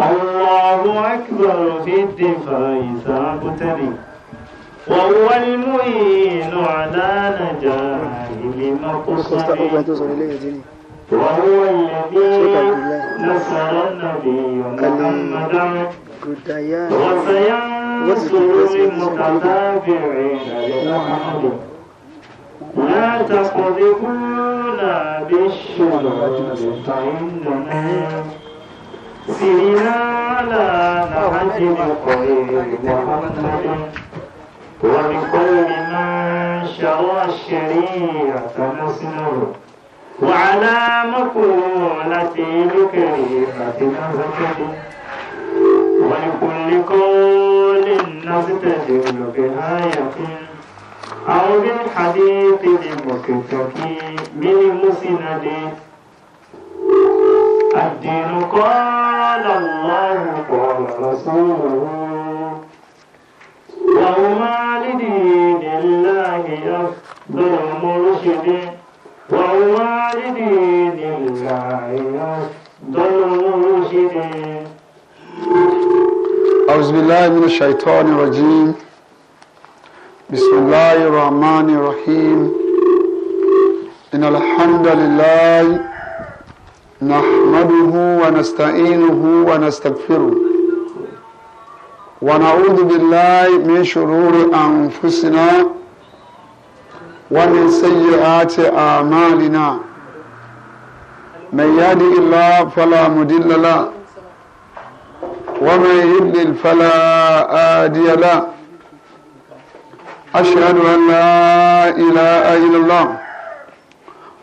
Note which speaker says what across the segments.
Speaker 1: الله أكبر في الدفاع سأقتري وهو المعين على نجاح المقصد وهو الذي نصر النبي محمدا وسينصر المتتابعين لمحمد لا تقذفونا بالشرور فإننا سيرانا نهجم قوي محمد ومن كل من شرى الشريعة نسلم وعلى مقولتي بكريمة نزكي ولكل قول نستدل بآية أو بالحديث المكتفي من مسنده. الدين قال الله قال رسوله وهما لدين الله أفضل مرشد وهما لدين الله أفضل مرشد
Speaker 2: أعوذ بالله من الشيطان الرجيم بسم الله الرحمن الرحيم إن الحمد لله نحمده ونستعينه ونستغفره ونعوذ بالله من شرور أنفسنا ومن سيئات أعمالنا من يهدي الله فلا مضل له ومن يضلل فلا هادي له أشهد أن لا إله إلا الله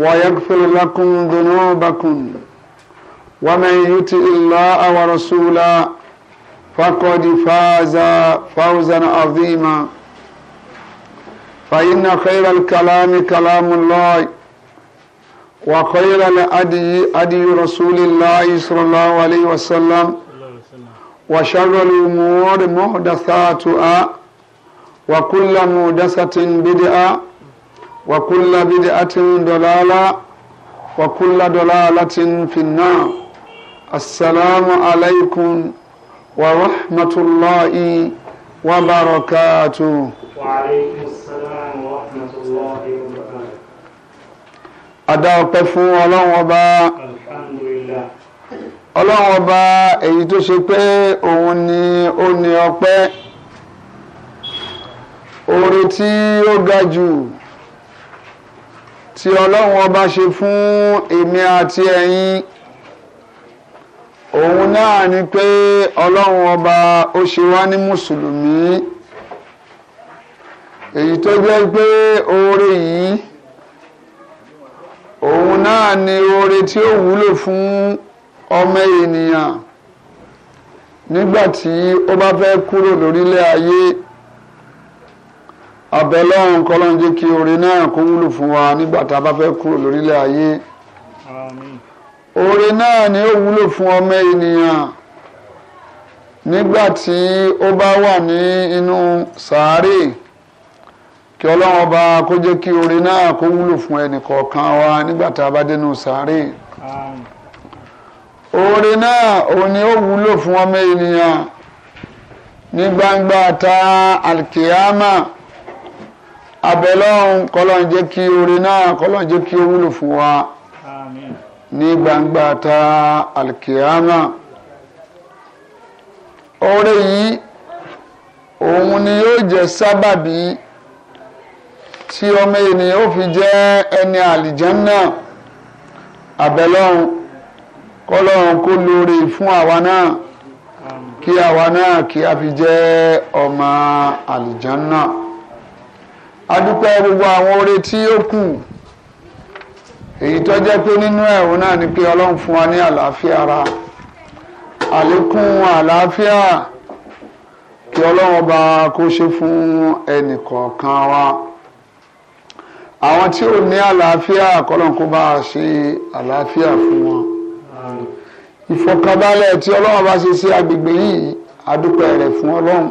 Speaker 2: ويغفر لكم ذنوبكم ومن يطع الله ورسوله فقد فاز فوزا عظيما فإن خير الكلام كلام الله وخير الأدي أدي رسول الله صلى الله عليه وسلم وشر الأمور محدثاتها وكل محدثة بدعة وكل بدعة ضلالة وكل ضلالة في النار السلام عليكم ورحمة الله وبركاته
Speaker 1: وعليكم السلام ورحمة الله وبركاته
Speaker 2: أدعو بفو الله وبا
Speaker 1: الحمد لله
Speaker 2: ọlọ́run ọba èyí tó ṣe pé òun ni ó ní ọpẹ́ oore tí ó ga jù tí ọlọ́run ọba ṣe fún èmi àti ẹ̀yin òun náà ni pé ọlọ́run ọba ó ṣe wá ní mùsùlùmí èyí tó jẹ́ pé oore yìí òun náà ni oore tí ó wúlò fún ọmọ ènìyàn nígbà tí ó bá fẹ́ kúrò lórílẹ̀ ayé abẹ lọ́run kọ́lọ́n jẹ́ kí oore náà kó wúlò fún wa nígbà tá a bá fẹ́ kúrò lórílẹ̀ ayé oore náà ni ó wúlò fún ọmọ ènìyàn nígbà tí ó bá wà ní inú sàárè kí ọlọ́run ọba kó jẹ́ kí oore náà kó wúlò fún ẹnìkọ̀ọ̀kan wa nígbà tá a bá dénú sàárè oore náà òun ni ó wúlò fún ọmọ ènìyàn ní gbangba ta alkiyama. Amen abẹ́lọ́run kọ́lọ́n jẹ́ kí oore náà kọ́lọ́n jẹ́ kí ó wúlò fún wa ní gbangba ta alkiyama oore yìí òun ni yóò jẹ́ sábàbí tí ọmọ ènìyàn ó fi jẹ́ ẹni àlìjánná abẹ́lọ́run kọ́lọ́run kó lóore fún àwa náà kí àwa náà kí a fi jẹ́ ọmọ àlìjánná adúpẹ́ gbogbo àwọn oore tí ó kù èyí tó jẹ́ pé nínú ẹ̀rù náà ni pé ọlọ́run fún wa ní àlàáfíà ara àlékún àlàáfíà kí ọlọ́run ọba kó ṣe fún ẹnìkọ̀ọ̀kan wa àwọn tí ò ní àlàáfíà kọ́lọ́n kó bá a ṣe àlàáfíà fún wọn ìfọ̀kànbalẹ̀ tí ọlọ́run bá ṣe sí agbègbè yìí adúpẹ́ rẹ̀ fún ọlọ́run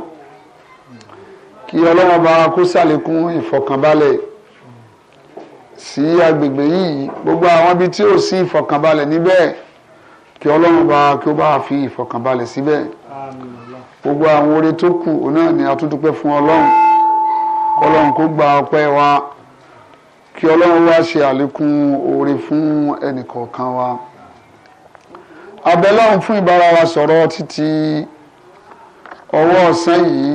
Speaker 2: kí ọlọ́wọ́n bá kó sàlékún ìfọ̀kànbalẹ̀ sí agbègbè yìí gbogbo àwọn ibi tí ò sí ìfọ̀kànbalẹ̀ níbẹ̀ kí ọlọ́run bá kí ó bá fi ìfọ̀kànbalẹ̀ síbẹ̀ gbogbo àwọn oore tó kù òun náà ni a tún dúpẹ́ fún ọlọ́run kọlọ́run kó gba ọpẹ́ wa kí ọlọ́run wá ṣe àlékún oore fún ẹnìkọ̀ọ̀kan wa abẹ́lọ́run fún ìbára wa sọ̀rọ̀ títí ọwọ́ ọ̀sán yìí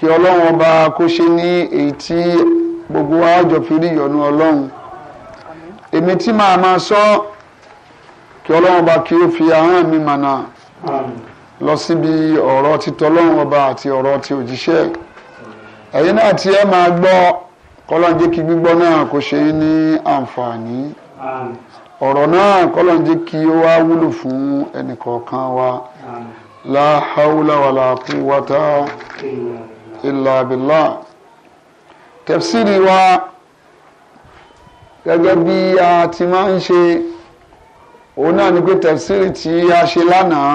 Speaker 2: kí ọlọ́run ọba kó ṣe ní èyí tí gbogbo wa jọ fi rí ìyọ́nú ọlọ́run èmi tí màá máa sọ kí ọlọ́run ọba kí ó fi ahọ́n mi mànà lọ síbi ọ̀rọ̀ títọ́ ọlọ́run ọba àti ọ̀rọ̀ ti òjíṣẹ́ ẹ̀yin náà tí ẹ máa gbọ́ kọ́lọ́n kí gbígbọ́ náà kó ṣe ní àǹfààní ọ̀rọ̀ náà kọ́lọ́n kí ó wá wúlò fún ẹnìkọ̀ọ̀kan wa la hawla wala quwwata illa billah tafsiri wa gẹ́gẹ́ bí a ti máa ń ṣe òun náà ni pé tafsiri tí a ṣe lánàá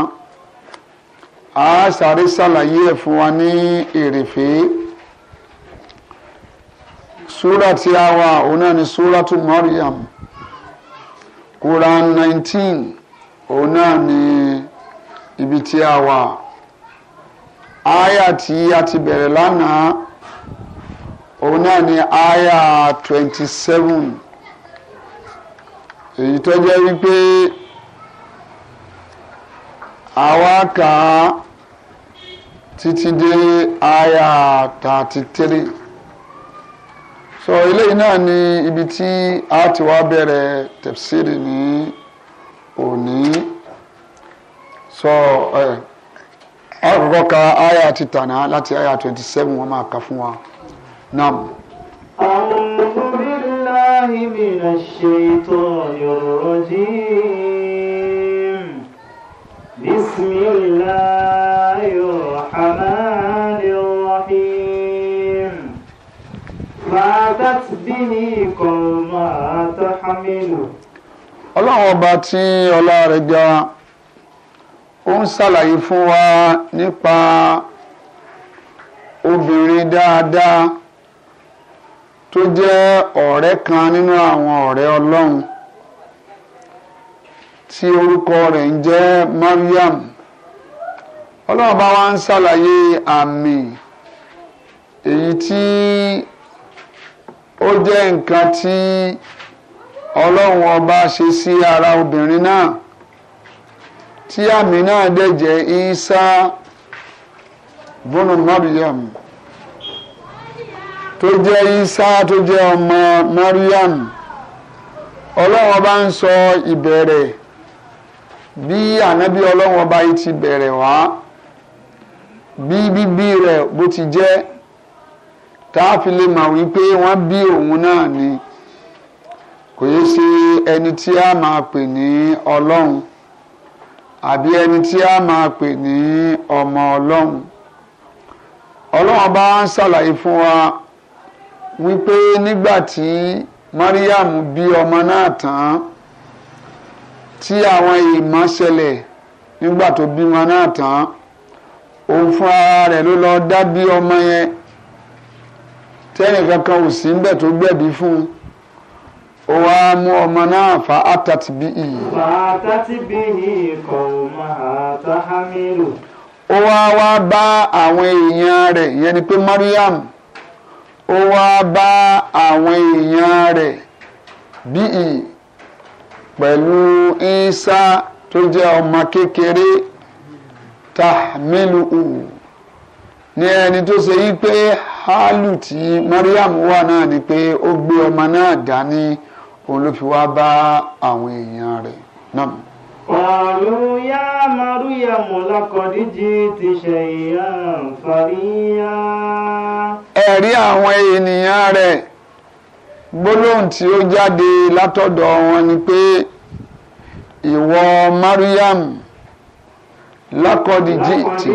Speaker 2: a sáré ṣàlàyé ẹ̀ fún wa ní èrèfé súrà tí a wà òun náà ni súratu Maryam Quran 19 òun náà ni ibi tí a wà aya tí a ti bẹ̀rẹ̀ lánàá òun náà ni aya twenty seven èyí tó jẹ́ wípé àwa kà á títí dé aya thirty three so eléyìí náà ni ibi tí a ti wá bẹ̀rẹ̀ tẹ̀síìrì ní òní so. eh àkọ́kọ́ ka aya ti tànà láti aya twenty seven wọ́n máa kà fún wa nam.
Speaker 1: أعوذ بالله من الشيطان الرجيم بسم الله الرحمن الرحيم فاتت به قومها تحمله.
Speaker 2: ọlọ́run ọba tí ọlá ó ń ṣàlàyé fún wa nípa obìnrin dáadáa tó jẹ́ ọ̀rẹ́ kan nínú àwọn ọ̀rẹ́ Ọlọ́run tí orúkọ rẹ̀ ń jẹ́ Mariam Ọlọ́run bá wa ń ṣàlàyé àmì èyí tí ó jẹ́ nǹkan tí Ọlọ́run ọba ṣe sí ara obìnrin náà. tí àmì náà dẹ̀ jẹ́ Isa bùnú Mariam tó jẹ́ Isa tó jẹ́ ọmọ Mariam bá ń sọ ìbẹ̀rẹ̀ bí ànábì ọlọ́run bá ti bẹ̀rẹ̀ wá bí bíbí rẹ̀ bó ti jẹ́ tá lè wípé wọ́n bí òun àbí ẹni tí a máa pè ní ọmọ ọlọ́run ọlọ́run bá ń ṣàlàyé fún wa wípé nígbà tí Mariam bí ọmọ náà tán tí àwọn ìmọ̀ ṣẹlẹ̀ nígbà tó bí wọn náà tán òun fún ara rẹ̀ ló lọ dá ọmọ yẹn tẹ́nì kankan ò sí níbẹ̀ tó gbẹ̀bí fún un ó wá mú ọmọ náà fa atati bí i.
Speaker 1: fa atati bí i kò máa ta hamilu. ó wá wa bá àwọn èèyàn rẹ. Mariam
Speaker 2: ó wá bá Isa ní ẹni tó ṣe yí pé hálù tí Mariam wà náà ni pé ó gbé ọmọ náà dání. òun ló fi wá bá àwọn èèyàn rẹ̀ náà.
Speaker 1: قالوا يا مريم لقد جئت شيئا فريا. ẹ̀rí àwọn ènìyàn rẹ̀ gbólóhùn tí ó jáde látọ̀dọ̀ wọn ni
Speaker 2: pé ìwọ Mariam lákọ̀dí jíìtì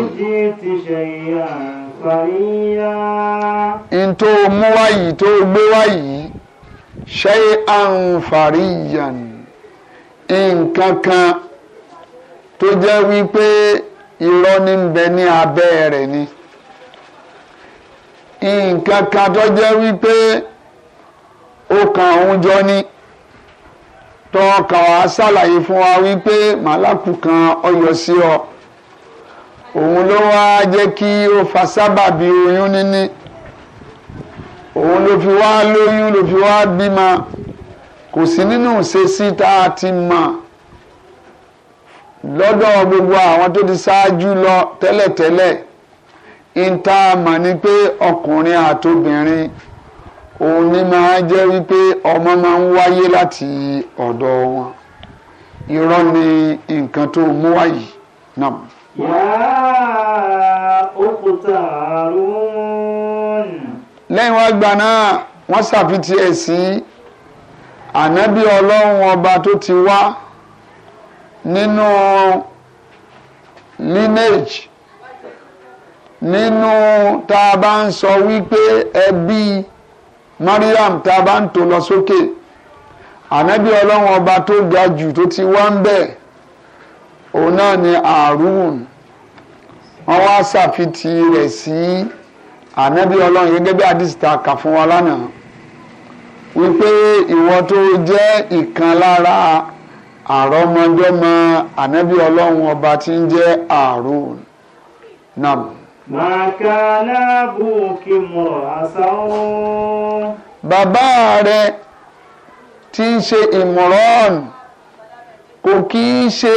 Speaker 2: n tó mú wáyìí tó gbé wáyìí ṣe àǹfààríyàn nǹkan kan tó jẹ́ wípé irọ́ ní bẹ ní abẹ́ rẹ̀ ni nǹkan kan tó jẹ́ wípé ó kan òun jọ ní tọ́ka wa ṣàlàyé fún wa wípé màlákù kan ọyọ sí ọ òun ló wá jẹ́ kí ó fa sábàbí oyún níní òun ló fi wá lóyún ló fi wá bímọ kò sí nínú ìṣesí tá a ti mọ̀ lọ́dọ̀ gbogbo àwọn tó ti ṣáájú lọ tẹ́lẹ̀tẹ́lẹ̀ ìta mọ̀ ni pé ọkùnrin àtobìnrin òun ni máa jẹ́ wípé ọmọ máa ń wáyé láti ọ̀dọ̀ wọn irọ́ ni nǹkan tó mú wáyìí náà.
Speaker 1: yàrá òkúta àrùn lẹ́yìn
Speaker 2: wá gbà náà wọ́n ṣàfitì ẹ̀ sí ànábì ọlọ́run ọba tó ti wá nínú lineage nínú tá a bá ń sọ wípé ẹbí Mariam tá a bá ń tò lọ sókè ànábì ọlọ́run ọba tó ga jù tó ti wá ń bẹ̀ òun náà ni Àrùn wọ́n wá ṣàfitì rẹ̀ sí. Si, ànábì ọlọ́run gẹ́gẹ́ bí àdìsí ta kà fún wa lánàá wípé ìwọ tó jẹ́ ìkan lára àrọ́mọdọ́mọ ànábì ọlọ́run ọba tí ń jẹ́ àrùn náà.
Speaker 1: màkàlá bùkì mọ̀ àṣà òun. bàbá rẹ̀
Speaker 2: tí ń ṣe ìmọ̀ràn kò kí ń ṣe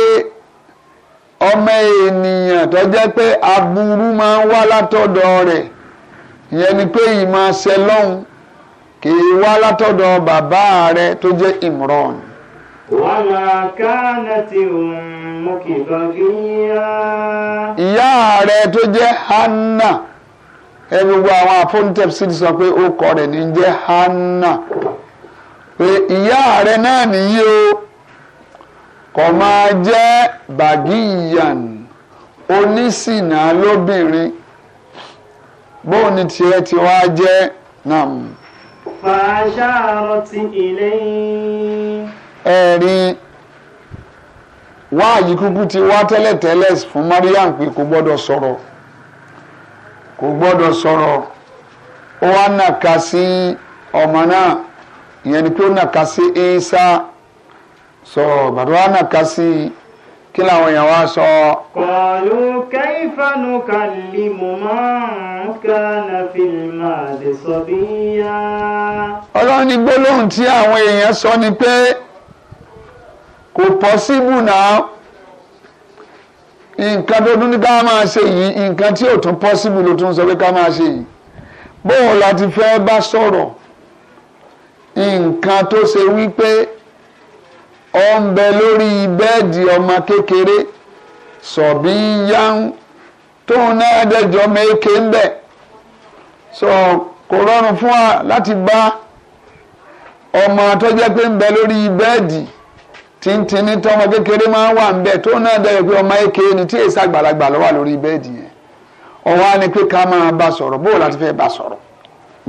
Speaker 2: ọmọ ènìyàn tó jẹ́ pé aburú máa ń wá látọ̀dọ̀ rẹ̀ ìyẹn ni pé ìmọ̀ ṣe lọ́hùn kì í wá látọ̀dọ̀ bàbá rẹ̀ tó jẹ́ Imran.
Speaker 1: wàhálà kánà ti mú kí bàgíyà.
Speaker 2: ìyá rẹ̀ tó jẹ́ Hanna ẹ gbogbo àwọn àfọ́nítẹ́psì sọ pé ó kọ rẹ̀ ní jẹ́ Hanna pé ìyá rẹ̀ náà nìyí o kò máa jẹ́ bàgíyàn onísìnà lóbìnrin bóun ni tiẹ̀ ti wá jẹ́ nam.
Speaker 1: fàṣàrọ̀ ti ilé.
Speaker 2: ẹ̀rín wáàyí kúkú ti wá tẹ́lẹ̀tẹ́lẹ̀ fún Mariam pé kò gbọ́dọ̀ sọ̀rọ̀ kò gbọ́dọ̀ sọ̀rọ̀ ó wá nàka sí ọmọ náà ìyẹn ni pé ó nàka sí Isa sọ̀rọ̀ bàtà wá nàka sí kí làwọn èèyàn wá sọ.
Speaker 1: kọlu kẹfàánù kàlí mo máa ń kánà fìlímà lè sọ bí yá. ọlọ́run ní gbólóhùn tí àwọn èèyàn sọ ni pé
Speaker 2: kò pọ́síbù náà nǹkan tó tún ní ká máa ṣe yìí nǹkan tí ò tún pọ́síbù ló tún sọ pé ká máa ṣe yìí bóun láti fẹ́ bá sọ̀rọ̀ nǹkan tó ṣe wípé ó ń bẹ lórí bẹ́ẹ̀dì ọmọ kékeré sọ̀bí yáhùn tóun náà dẹ̀jọ́ méke ń bẹ̀ sọ kò rọrùn fún wa láti bá ọmọ tó jẹ́ pé ń bẹ lórí bẹ́ẹ̀dì tíntìní tí ọmọ kékeré máa ń wà ń bẹ̀ tóun náà dẹ̀jọ́ pé ọmọ èké ni tí èsì àgbàlagbà ló wà lórí bẹ́ẹ̀dì yẹn ọ̀wá ni pé ká máa bá sọ̀rọ̀ bóò láti fẹ́ bá sọ̀rọ̀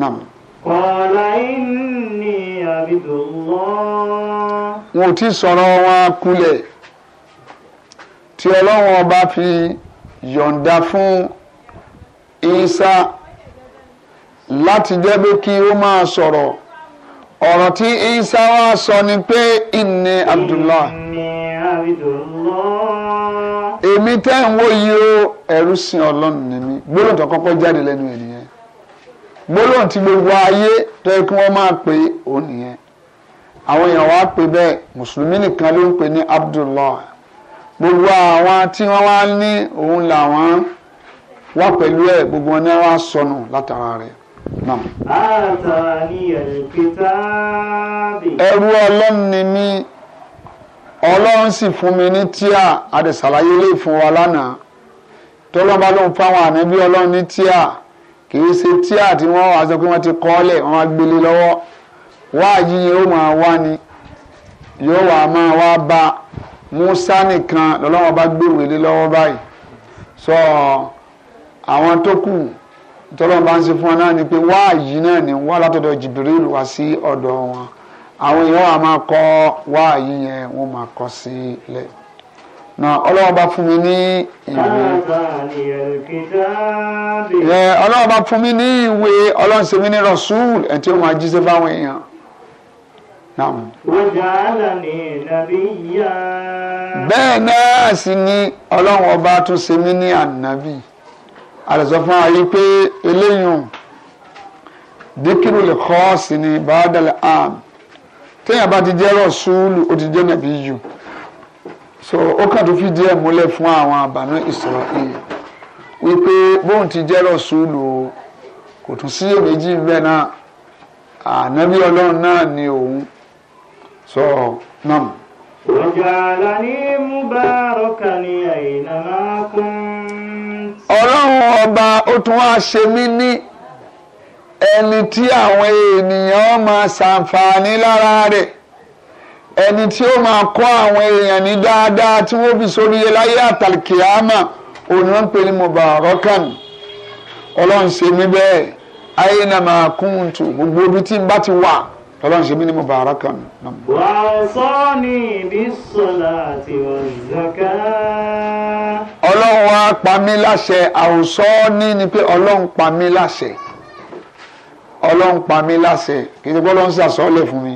Speaker 2: náà.
Speaker 1: قال إني عبد الله
Speaker 2: wọn ò tí sọ̀rọ̀ wọn kulẹ̀ tí ọlọ́run ọba fi yọ̀ǹda fún Isa láti jẹ́ pé kí ó máa sọ̀rọ̀ ọ̀rọ̀ tí Isa wá sọ ni pé inni Abdullah èmi tẹ́ ń wò yìí o ẹrú sin ọlọ́run ni mí gbólóǹtọ̀ kọ́kọ́ jáde lẹ́nu ẹ̀ gbólóhùn tí gbogbo ayé tó yẹ kí wọ́n máa pè é òun nìyẹn àwọn èèyàn wá pè bẹ́ẹ̀ mùsùlùmí nìkan ló ń pè ní Abdullah gbogbo àwọn tí wọ́n wá ní òun làwọn wà pẹ̀lú ẹ̀ gbogbo wọn ni wọ́n á sọnù látara rẹ̀ náà.
Speaker 1: àtàní ẹ̀rùkítàbì. ẹrú
Speaker 2: ọlọ́run ni mí ọlọ́run sì fún mi ní tíà àdìsàlàyé lè fún wa lánàá tọ́lọ́ba ló ń fáwọn ànábí ọlọ́run ní tíà kì í ṣe tíà tí wọ́n wá sọ pé wọ́n ti kọ́ lẹ̀ wọ́n á gbélé lọ́wọ́ wáàyí yẹn ó máa wá ni yóò wá máa wá bá Musa nìkan lọ́lọ́wọ́ bá gbéwèé lé lọ́wọ́ báyìí sọ àwọn tó kù tọ́lọ́run bá ń ṣe fún wọn náà ni pé wáàyí náà ni wọ́n látọ̀dọ̀ Jibril wá sí ọ̀dọ̀ wọn àwọn èèyàn wà máa kọ́ wáàyí yẹn wọ́n máa kọ́ sílẹ̀. Si ọlọ́run bá fún mi ní
Speaker 1: ìwé ọlọ́run bá
Speaker 2: fún mi ní ìwé ọlọ́run ṣe mi ní rasul ẹ̀ tí ó máa jíṣẹ́ fáwọn èèyàn. bẹ́ẹ̀ náà sì ni ọlọ́run ọba tún ṣe mí ní ànábì àlùsọ fún wa yìí pé eléyìí díkìrù lè kọ́ sí ni bàdàlẹ̀ àm téèyàn bá ti jẹ́ rasul ó ti jẹ́ nàbí yìí so ó kàn tó fi díẹ̀ múlẹ̀ fún àwọn àbànú Israel wípé bóun ti jẹ́ rọ̀ṣúlù o kò tún sí èméjì bẹ́ẹ̀ náà ànábì ọlọ́run náà ni òun sọ náà.
Speaker 1: wàjàlání mubaraka ni àyìnàmá kún.
Speaker 2: ọlọ́run ọba ó tún wá ṣe mí ní ẹni tí àwọn ènìyàn máa ṣàǹfààní lára rẹ̀ ẹni tí ó máa kọ́ àwọn èèyàn ní dáadáa tí wọ́n fi sórí láyé àtàlìkìyàmà òun ń pè ní mubarakan ọlọ́run ṣe mí bẹ́ẹ̀ ayé náà máa kún tù gbogbo ibi tí n bá ti wà ọlọ́run ṣe mí ní mubarakan.
Speaker 1: wà á sọ ní ibi sọlá àti ọ̀zọ́ká. ọlọ́run wá pa mí
Speaker 2: láṣẹ àwòsọ ní ni pé ọlọ́run pa mí láṣẹ ọlọ́run pa mí láṣẹ kì í ṣe pé ṣàṣọ́lẹ̀ fún mi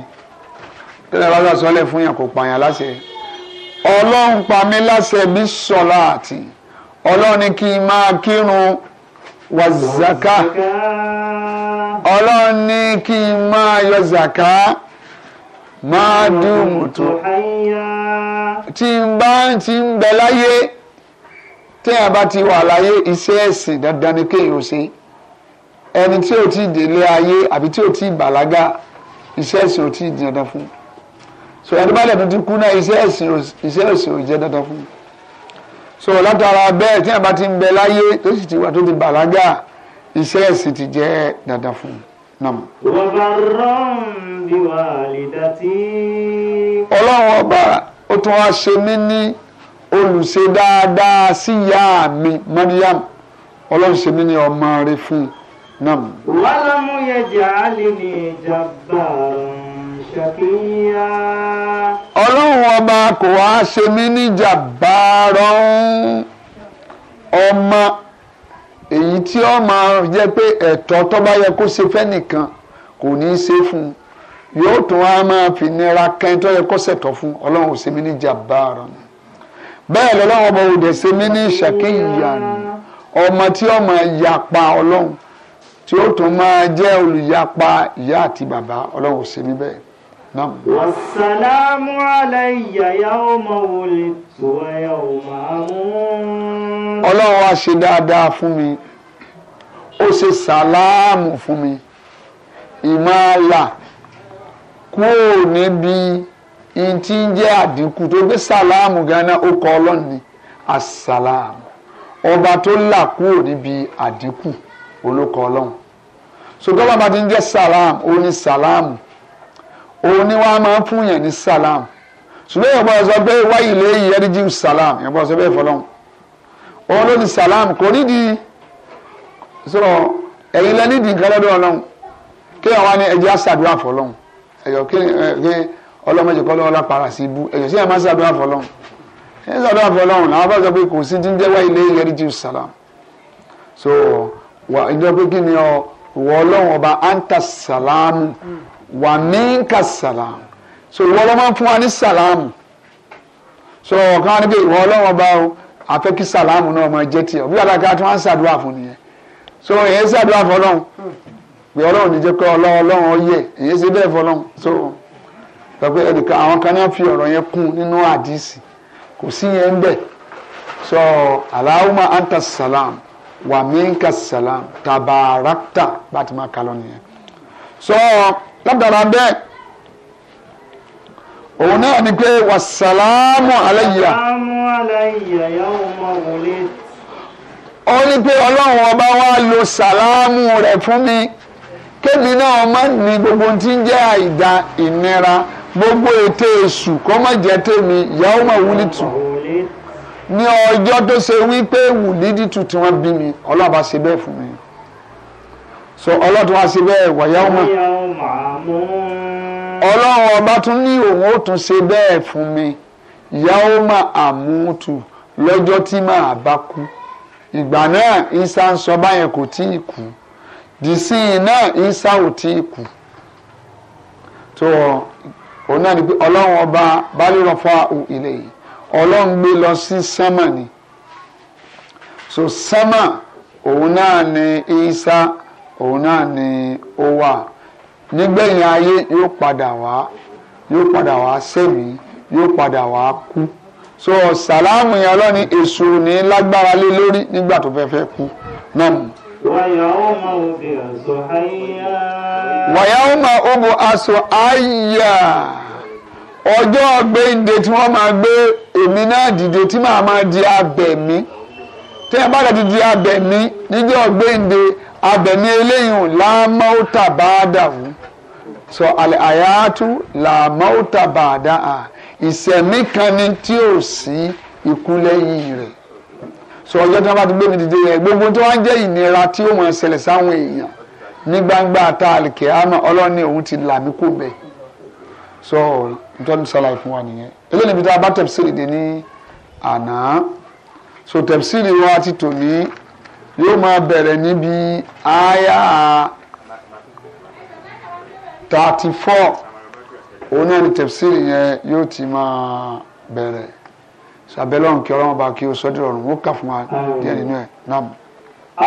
Speaker 2: tẹ́lẹ̀ bá sọ sọ́lẹ̀ fún yàn kò pààyàn láṣẹ ọlọ́run pa mí láṣẹ bí sọ̀lá àti ọlọ́run ni kí n máa kírun wà zaka ọlọ́run ni kí n máa yọ zaka máa dùn mùtò tí n bá ti ń bẹ láyé téèyàn bá ti wà láyé iṣẹ́ ẹ̀sìn dandan ni kéèyàn ó ṣe ẹni tí ò tí délé ayé àbí tí ò tí bàlágà iṣẹ́ ẹ̀sìn ò tí dandan fún un so ẹni bá lẹ́nu ti kú náà iṣẹ́ ẹ̀sìn iṣẹ́ ẹ̀sìn ò jẹ́ dandan fún un so látara bẹ́ẹ̀ tí àbá ti ń bẹ láyé tó sì ti wà tó ti bàlágà iṣẹ́ ẹ̀sìn ti jẹ́ dandan fún un nam.
Speaker 1: ọlọ́run ọba
Speaker 2: ó tún wá ṣe mí ní olùṣe dáadáa sí ìyá mi Mariam ọlọ́run ṣe mí ní ọmọ rẹ̀ fún un nam.
Speaker 1: wàlámù yẹ jàálì ní jàbáàrún ọlọ́run
Speaker 2: ọba kò wá ṣe mí níjà bàárọ̀ ọmọ èyí tí ó máa jẹ́ pé ẹ̀tọ́ tó bá yẹ kó ṣe fẹ́nìkan kò ní í ṣe fún un yóò tún á máa fi nira kẹ́ni tó yẹ kó ṣẹ̀tọ́ fún ọlọ́run ṣe mí níjà bàárọ̀ bẹ́ẹ̀ lọ́lọ́run ọba ò ṣe mí ní ṣàkíyàn ọmọ tí ó máa yapa ọlọ́run tí ó tún máa jẹ́ olùyapa ìyá àti bàbá ọlọ́run ṣe mí bẹ́ẹ̀ والسلام
Speaker 1: علي يوم ولدت ويوم أموت ọlọ́run wá
Speaker 2: ṣe dáadáa fún mi ó ṣe sàlámù fún mi ìmáàlà kúrò níbi ihun tí ń jẹ́ àdínkù tó gbé sàlámù gánà ó kọ ọlọ́run ni àsàlámù ọba tó là kúrò níbi àdínkù olókọ ọlọ́run so tọ́ba ti ń jẹ́ sàlámù ó ní sàlámù òun ni wọ́n máa ń fún yẹn ní salam ṣùgbọ́n èèyàn gbọ́dọ̀ sọ pé wáyé lè yí ẹ́ríjì salam èèyàn gbọ́dọ̀ sọ bẹ́ẹ̀ fọlọ́hún òun ló ní salam kò nídìí sọ̀rọ̀ ẹ̀yin lẹ́ nídìí nǹkan lọ́dọ̀ ọlọ́run kí àwọn ni ẹjẹ́ àṣàdúrà fọlọ́hún ẹ̀yọ̀ kí ọlọ́mọdé kọ́ lọ́wọ́ lápára sí ibú ẹ̀yọ̀ sí ẹ̀ máa ṣàdúrà fọlọ́hún ẹ̀ ṣàdúrà làwọn bá sọ pé kò sí jíjẹ́ wáyé lè yí ẹ́ríjì salam so wà ìjọ pé kí ni ọ wọ ọlọ́run ọba anta salamu wà ní ka sàlámù so ìwọ ló máa ń fún wa ní sàlámù so ọ̀kan wa níbi ìwọ ọlọ́wọ́n bá o àfẹ́ kí sàlámù náà máa jẹ́ tiẹ̀ òbí àdàkà tí wọ́n ń ṣàdúrà fún nìyẹn so èyí ṣàdúrà fún ọlọ́run pé ọlọ́run ní jẹ́ pé ọlọ́run ọyẹ èyí ṣe bẹ́ẹ̀ fún ọlọ́run so pẹ̀pẹ́ ẹnìkan àwọn kan náà fi ọ̀rọ̀ yẹn kún nínú àdìsí kò sí yẹn ń bẹ̀ so aláwùmá anta salam wà mí ń ka sàlám tàbárakta bá ti máa kalọ́ nìyẹn so látara bẹ́ẹ̀ òun náà ni pé wàsálàmù aláyà. wàsálàmù
Speaker 1: aláyà yóò mọ wòlé.
Speaker 2: ó ní pé ọlọ́run ọba wa lo sàlámù rẹ̀ fún mi kébì náà má ní gbogbo tí ń jẹ́ àìda ìnira gbogbo ète èṣù kó má jẹ́ tèmi ìyàwó máa wúlí tù ní ọjọ́ tó ṣe wípé wùlídìí tù tí wọ́n bí mi ọlọ́run ṣe bẹ́ẹ̀ fún mi so ọlọ́dún wá sí bẹ́ẹ̀ wọ̀yá ọmọ ọlọ́run ọba tún ní òun ó tún ṣe bẹ́ẹ̀ fún mi yàwó máa àmútù lọ́jọ́ tí màá bá kú ìgbà náà isa ń sọ báyẹn kò tí ì kú dìsín náà isa ò tí ì kú tó òun náà ni pé ọlọ́run ọba balùwọ̀n fún ilé yìí ọlọ́run gbé lọ sí sánmà ni so sánmà òun náà ni isa òun náà ni ó wà nígbẹ̀yìn ayé yóò padà wá yóò padà wá sẹ́mi yóò padà wá kú so sàlámù yẹn lọ́ni èṣù ní lágbára lé lórí nígbà tó fẹ́ fẹ́ kú náà. wàyáwó máa ó bo aṣọ àyà ọjọ́ gbẹ̀ǹde tí wọ́n máa gbé èmi náà dìde tí màá máa di abẹ̀mí tí wọ́n bá dẹ̀ ti di abẹ̀mí níjọ́ gbẹ̀ǹde abẹ̀mí eléyìí làmọ́ọ́tà bá dàwù sọ àlẹ́ àyàtú làmọ́ọ́tà bá dà á ìsẹ̀mí kan ni tí ò sí ikú lẹ́yìn rẹ̀ sọ ọjọ́ tí wọ́n bá ti gbé mi dìde yẹn gbogbo tí wọ́n jẹ́ ìnira tí ó máa ṣẹlẹ̀ sáwọn èèyàn ní gbangba tá a àmọ́ ọlọ́run ní òun ti là mí kó bẹ́ẹ̀ sọ ìtọ́jú sálàyé fún wa nìyẹn eléyìí níbi tá a bá tẹ̀síìrì dé ní àná so tẹ̀síìrì wa ti tò ní yóò máa bẹ̀rẹ̀ níbi àyà thirty four òun náà ni tẹ̀síìrì yẹn yóò ti máa bẹ̀rẹ̀ sàbẹ̀lọ́run kí ọlọ́run bá kí o sọ́dọ̀ ọ̀run ó kà fún wa díẹ̀ nínú ẹ̀ náà.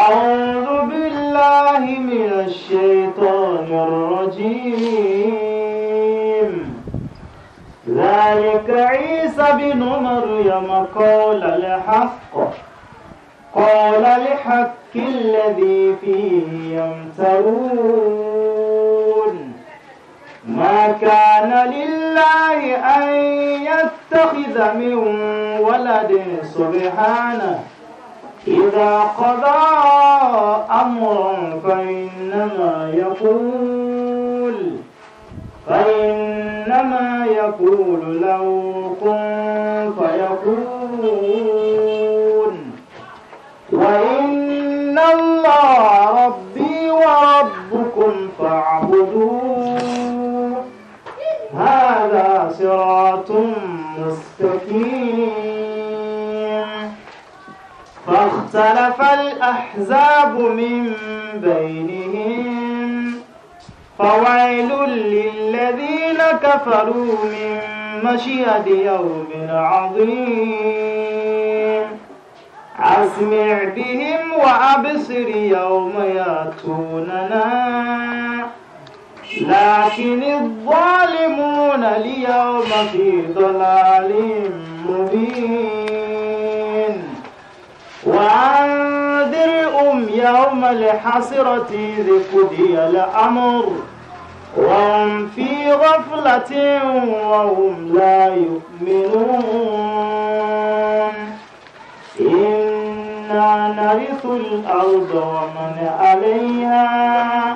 Speaker 1: أعوذ بالله من الشيطان الرجيم ذلك عيسى بن مريم قال الحق قال لحق الذي فيه يمترون
Speaker 2: ما كان
Speaker 1: لله أن يتخذ من ولد سبحانه إذا قضى أمرا فإنما يقول فإنما يقول له كن فيقول وإن الله ربي وربكم فاعبدوه
Speaker 2: هذا
Speaker 1: صراط مستقيم
Speaker 2: فاختلف
Speaker 1: الأحزاب من بينهم فويل للذين كفروا من مشية يوم عظيم أسمع بهم وأبصر يوم يأتوننا لكن الظالمون اليوم في ضلال مبين وأنذرهم يوم الحسرة إذ قضي الأمر وهم في غفلة وهم لا يؤمنون إنا نرث الأرض ومن عليها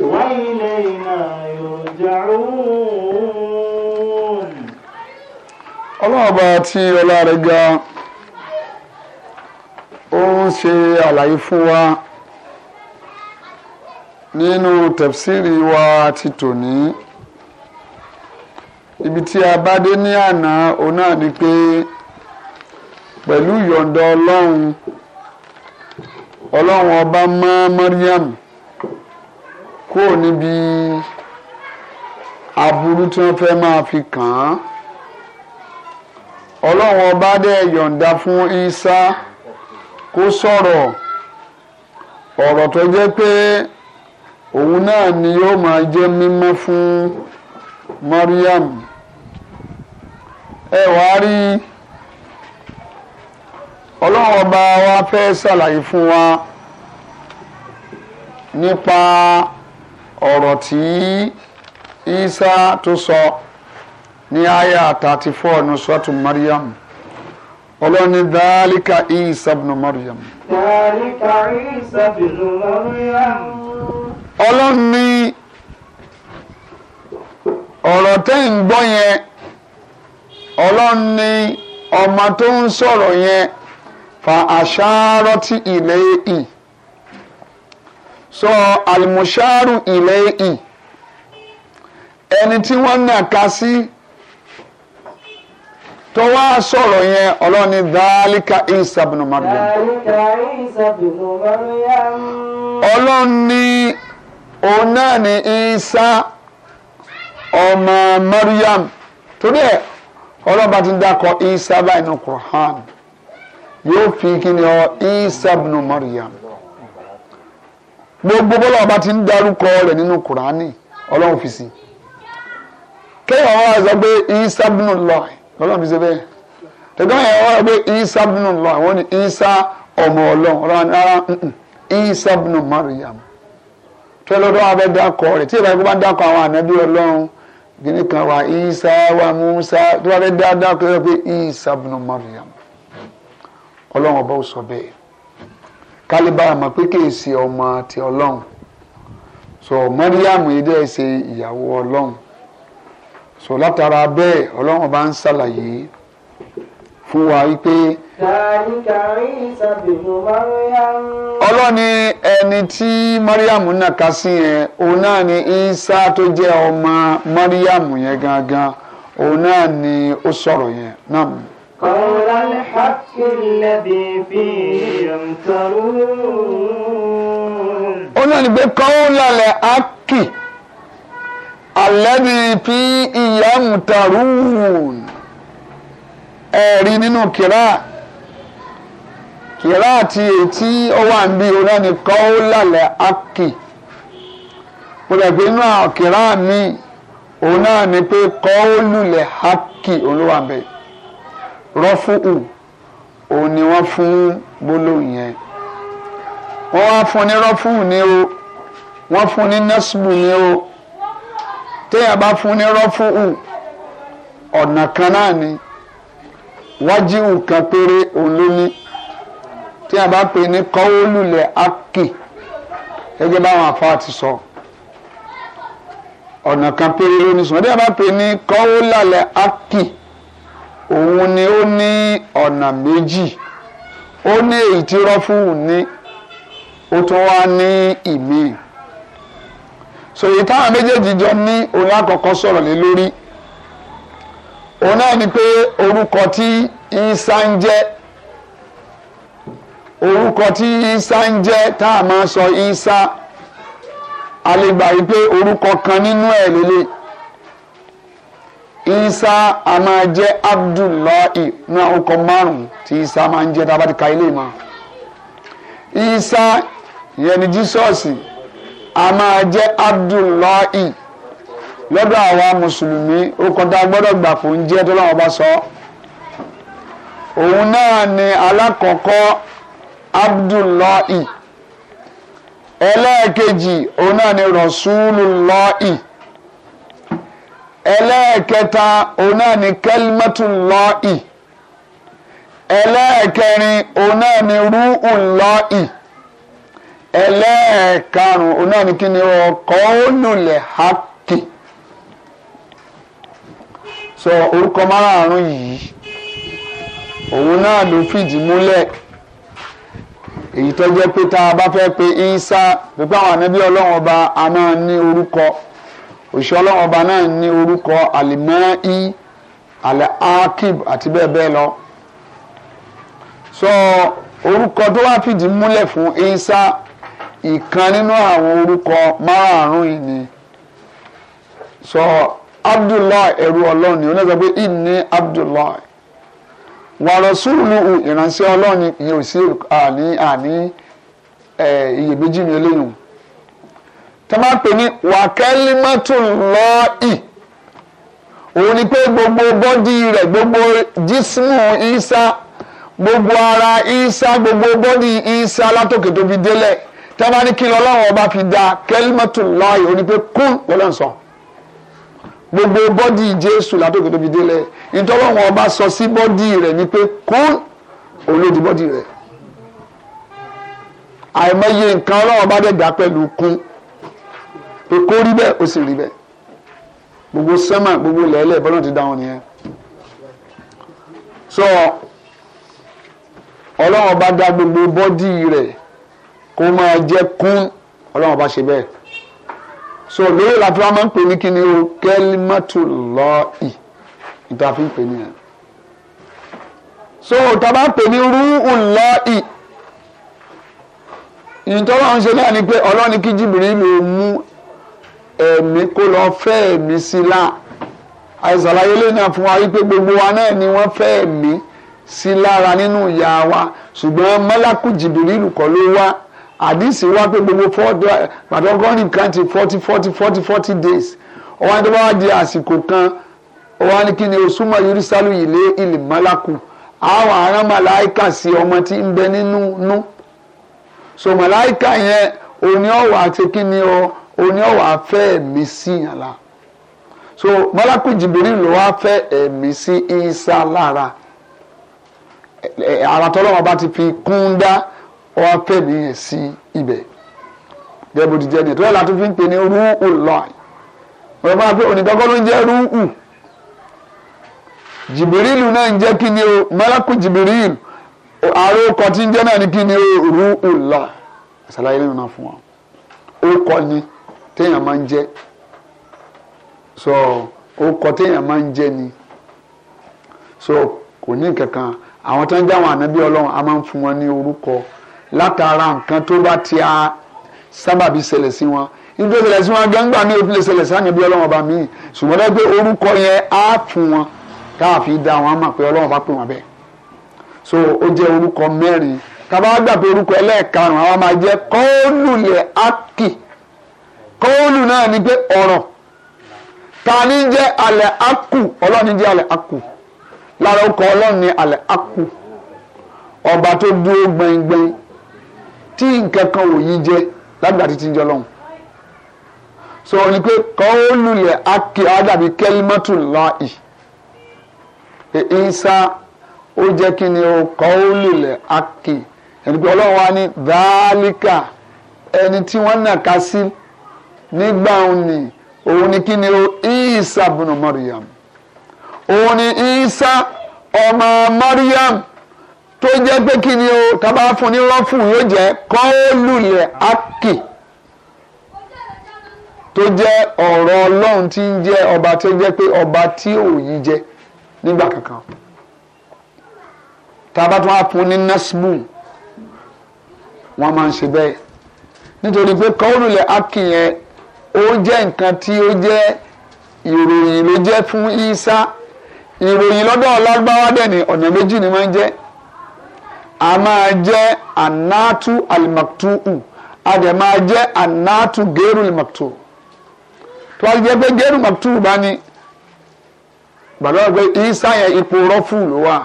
Speaker 1: وإلينا يرجعون
Speaker 2: الله باتي ولا ọlá rẹ̀ ga ó ń ṣe àlàyé fún wa nínú tẹ̀fsíìrì wa ti tòní ibi tí a bá dé ní àná òun náà ni pé pẹ̀lú ìyọ̀ǹda ọlọ́run ọlọ́run ọba mọ́ Mariam kúrò níbi aburú tí wọ́n fẹ́ máa fi kàn án ọlọ́run ọba dẹ̀ yọ̀ǹda fún Isa kó sọ̀rọ̀ ọ̀rọ̀ tó jẹ́ pé òun náà ni yóò máa jẹ́ mímọ́ fún Mariam ẹ wàá rí i ọlọ́run ọba wa fẹ́ ṣàlàyé fún wa nípa ọ̀rọ̀ tí Isa tó sọ ní àyà thirty four ní sọ́tù Mariam ọlọ́ni dálíkà Isa bìnú Mariam.
Speaker 1: dálíkà Isa bìnú Mariam. ọlọ́ni ọ̀rọ̀ tẹ́ ń gbọ́ yẹn
Speaker 2: ọlọ́ni ọmọ tó ń sọ̀rọ̀ yẹn. fa àṣàrọ́tì ilẹ̀ so sọ àlùmọ̀ṣàrù ilẹ̀ ì ẹni tí wọ́n nà ka sí tó wá sọ̀rọ̀ yẹn ọlọ́ni dalika Isa ibn Maryam. ọlọ́ni òun náà Isa ọmọ Maryam torí ẹ ọlọ́run ti Isa báyìí ní Qur'an. yóò fi kíni ọ Isa ibn gbogbo bọ́lá ọba ti ń darúkọ rẹ̀ nínú Kùránì ọlọ́run fi sí kéèyàn wá sọ pé Isa ibn Allah ọlọ́run fi ṣe bẹ́ẹ̀ yẹn sọ pé Isa ibn Allah wọ́n ní Isa ọmọ ọlọ́run ọlọ́run rárá Isa ibn Maryam tó lọ́dọ̀ wọn fẹ́ dákọ̀ rẹ̀ tí ìbáyìí kó bá àwọn Isa wà Musa ọlọ́run ọba ò sọ bẹ́ẹ̀ kálíbà mọ̀ pé kì ọmọ àti ọlọ́run so mọ́ríyàmù yìí dẹ́ ṣe ìyàwó ọlọ́run so látara bẹ́ẹ̀ ọlọ́run bá ń ṣàlàyé fún wa wípé. ọlọ́ni ẹni tí mọ́ríyàmù náà ká sí yẹn òun náà ni Ìsá tó jẹ́ ọmọ mọ́ríyàmù yẹn gangan òun náà ni ó sọ̀rọ̀ yẹn náà.
Speaker 1: قول الحق الذي فيه يمترون
Speaker 2: olóyìn pé kọ́ńlá lẹ̀ ákì àlẹ́bí ẹ̀rí nínú kìrá kìrá àti ètí ó wà ń bí oná ni kọ́ńlá lẹ̀ ákì pọ̀lẹ̀pẹ̀ náà kìrá mi òun náà ni pé ákì olúwa bẹ́ẹ̀. rọ́fùkù òun ni wọ́n fún gbólóhùn yẹn wọ́n wá fún ní ni o wọ́n fún ní ni o téèyàn bá fún ní rọ́fùkù ọ̀nà kan náà ni wájíwù kan péré òun ló ní tí a bá pè ní gẹ́gẹ́ báwọn àfáà ti sọ ọ̀nà kan péré ló ní sùn tí a bá pè ní òun ni ó ní ọ̀nà méjì ó ní èyí tí rọ́ fún òun ní ó tún wá ní ìmí so èyí táwọn méjèèjì jọ ní olákọ̀ọ́kọ́ sọ̀rọ̀ lé lórí òun náà ni pé orúkọ tí isa ń jẹ́ orúkọ tí isa ń jẹ́ tá a máa sọ isa a lè gbà yí pé orúkọ kan nínú ẹ̀ lélẹ́yìí. isa a máa jẹ́ abdullahi ní àwọn ọkọ̀ tí isa máa ń jẹ́ tá a bá ti ka ilé isa yẹn ni a máa jẹ́ abdullahi lọ́dọ̀ àwa mùsùlùmí orúkọ tá a gbọ́dọ̀ gbà fún jẹ́ tó láwọn bá sọ òun náà ni alákọ̀ọ́kọ́ abdullahi ẹlẹ́ẹ̀kejì òun náà ni rasulullahi. ẹlẹ́ẹ̀kẹta òun náà ni kẹ́límẹ́tùlọ́ọ̀ì ẹlẹ́ẹ̀kẹrin òun náà ni rúùlọ́ọ̀ì ẹlẹ́ẹ̀karùn-ún òun náà ni kí ni ọkọ̀ ònùlẹ̀ hákì sọ orúkọ márààrún yìí òun náà ló fìdí múlẹ̀ èyí tó jẹ́ pé tá a bá fẹ́ pe pípẹ́ orúkọ. òṣìṣẹ́ ọlọ́run ọba náà ní orúkọ alimai akib àti bẹ́ẹ̀ bẹ́ẹ̀ lọ sọ orúkọ tó wá fìdí múlẹ̀ fún isa ìkan nínú àwọn orúkọ márààrún yìí ni sọ abdullahi ẹrú ọlọ́run ni onígbà pé ìní abdullahi wà rọ̀súlù ìránṣẹ́ ọlọ́run yìí ò sí àní àní iyèméjì ní eléyìí tó máa ń pè ní wàkẹ́límọ́tòlọ́ọ̀ì òun ni pé gbogbo bọ́dí rẹ̀ gbogbo jísímù ìsá gbogbo ara ìsá gbogbo bọ́dí ìsá látòkè tó fi délẹ̀ tó bá ní kí lọ láwọn ọba fi da kẹ́límọ́tòlọ́ọ̀ì òun ni pé kún lọ́lọ́ sọ gbogbo bọ́dí jésù látòkè tó fi délẹ̀ ìtọ́lọ́wọ́n ọba sọ sí bọ́dí rẹ̀ ni pé kún òun ló di bọ́dí rẹ̀ àìmọye nǹkan ọlọ́run bá dẹ̀ dá pẹ̀lú kún pé kó rí bẹ́ẹ̀ ó sì rí bẹ́ẹ̀ gbogbo sẹ́mà gbogbo lẹ́lẹ̀ bọ́lá ti dá wọn nìyẹn so ọlọ́run ọba dá gbogbo bọ́dì rẹ̀ kó máa jẹ́ kún ọlọ́run ọba ṣe bẹ́ẹ̀ so lórí ìlàtí wọn máa ń pè ní kíni o kẹ́límọ́tò lọ́ọ̀ì níta fi ń pè ní ẹ̀ so tá a bá ń pè ní rúù lọ́ọ̀ì ìtọ́lọ́run ṣe náà ni pé ọlọ́run kí jìbìrì ló mú ẹ̀mí kó lọ fẹ́ ẹ̀mí sí àìsàlàyé lè náà fún wa wípé gbogbo wa náà ni wọ́n fẹ́ ẹ̀mí sí lára nínú ìyá wa ṣùgbọ́n mọ́lákù jìbìrìlù kọ́ ló wá àdìsí wá pé gbogbo fọ́ọ̀dù kan ti forty forty forty forty days ọwọ́n tó bá wá àsìkò kan ọwọ́n ní kí ni yorùsálù yìí lé ilẹ̀ mọ́lákù àwọn màláìkà ọmọ tí bẹ nínú nú so màláìkà yẹn òní àti kí ọ òní ọ̀wà fẹ́ ẹ̀mí sí yàn so malaku Jibril ló wá fẹ́ ẹ̀mí sí Isa lára ara tọ́lọ́wọ́ bá ti fi kún dá ọwọ́ fẹ́ mi yẹn sí ibẹ̀ gẹ́gẹ́ bó ti jẹ́ nìyẹn tó yẹ láti fi ń pè ní rúù lọ́ọ̀ ọ̀rọ̀ máa fi onígbàgbọ́ ló ń jẹ́ rúù jìbìrìlù náà ń jẹ́ kí ni o malaku Jibril ààrẹ ọkọ̀ tí ń jẹ́ náà ni kí ni o rúù lọ́ọ̀ àṣàlàyé lẹ́nu náà fún wa ó kọ́ ni téèyàn máa ń jẹ so orúkọ téèyàn máa ń jẹ ni so kò ní kankan àwọn tó ń jáwọn ànábí ọlọ́run a máa ń fún wọn ní orúkọ látara nǹkan tó bá ti a sábàbí ṣẹlẹ̀ sí wọn nítorí ṣẹlẹ̀ sí wọn gbangba ní òtún lè ṣẹlẹ̀ sí ànábí ọlọ́run ọba míì ṣùgbọ́n dẹ́ orúkọ yẹn á fún wọn káàfi dá wọn mọ̀ pé ọlọ́run bá pè wọ́n bẹ́ẹ̀ so ó jẹ́ orúkọ mẹ́rin ká bá gbà pé orúkọ ẹlẹ́ẹ̀karùn-ún àwọn máa jẹ́ kọ́ọ̀lù lẹ̀ ákì Kọọlụ náà ni pé ọ̀rọ̀ ta ni jẹ́ alẹ́ akù jẹ́ alẹ́ lára ọkọ̀ ni alẹ́ ọba tó dúró gbẹngbẹng tí nǹkan kan ò jẹ lágbà títí so ni pé kọ́ọ́lù lẹ̀ akè ádàbí láì ìsá ó jẹ́ kí ni o lẹ̀ ẹni pé ọlọ́run wa ní ẹni tí wọ́n sí. Si, nígbà òun ni òun ni kí ni o Isa bùnú Mariam òun ni Isa ọmọ Mariam tó jẹ́ pé kí ni o tábà fún ní rọ́fù yóò jẹ́ kọ́ọ́lùlẹ̀ ákì tó jẹ́ ọ̀rọ̀ ọlọ́run tí ń jẹ́ ọba tó jẹ́ pé ọba tí òòyì jẹ́ nígbà kankan tábà tó wá fún ní násìmù wọ́n máa ń ṣe bẹ́ẹ̀ nítorí pé kọ́ọ́lùlẹ̀ ákì yẹn ó jẹ́ nǹkan tí ó jẹ́ ìròyìn ló jẹ́ fún Isa ìròyìn lọ́dọ̀ ọlọ́gbáwá dẹ̀ ní ọ̀nà méjì ni máa ń jẹ́ a máa jẹ́ anatu alimaktu'u a dẹ̀ máa jẹ́ anatu geru alimaktu tó a jẹ́ pé geru maktu'u bá ní gbàdúrà pé Isa yẹn ipò rọ́fù ló wà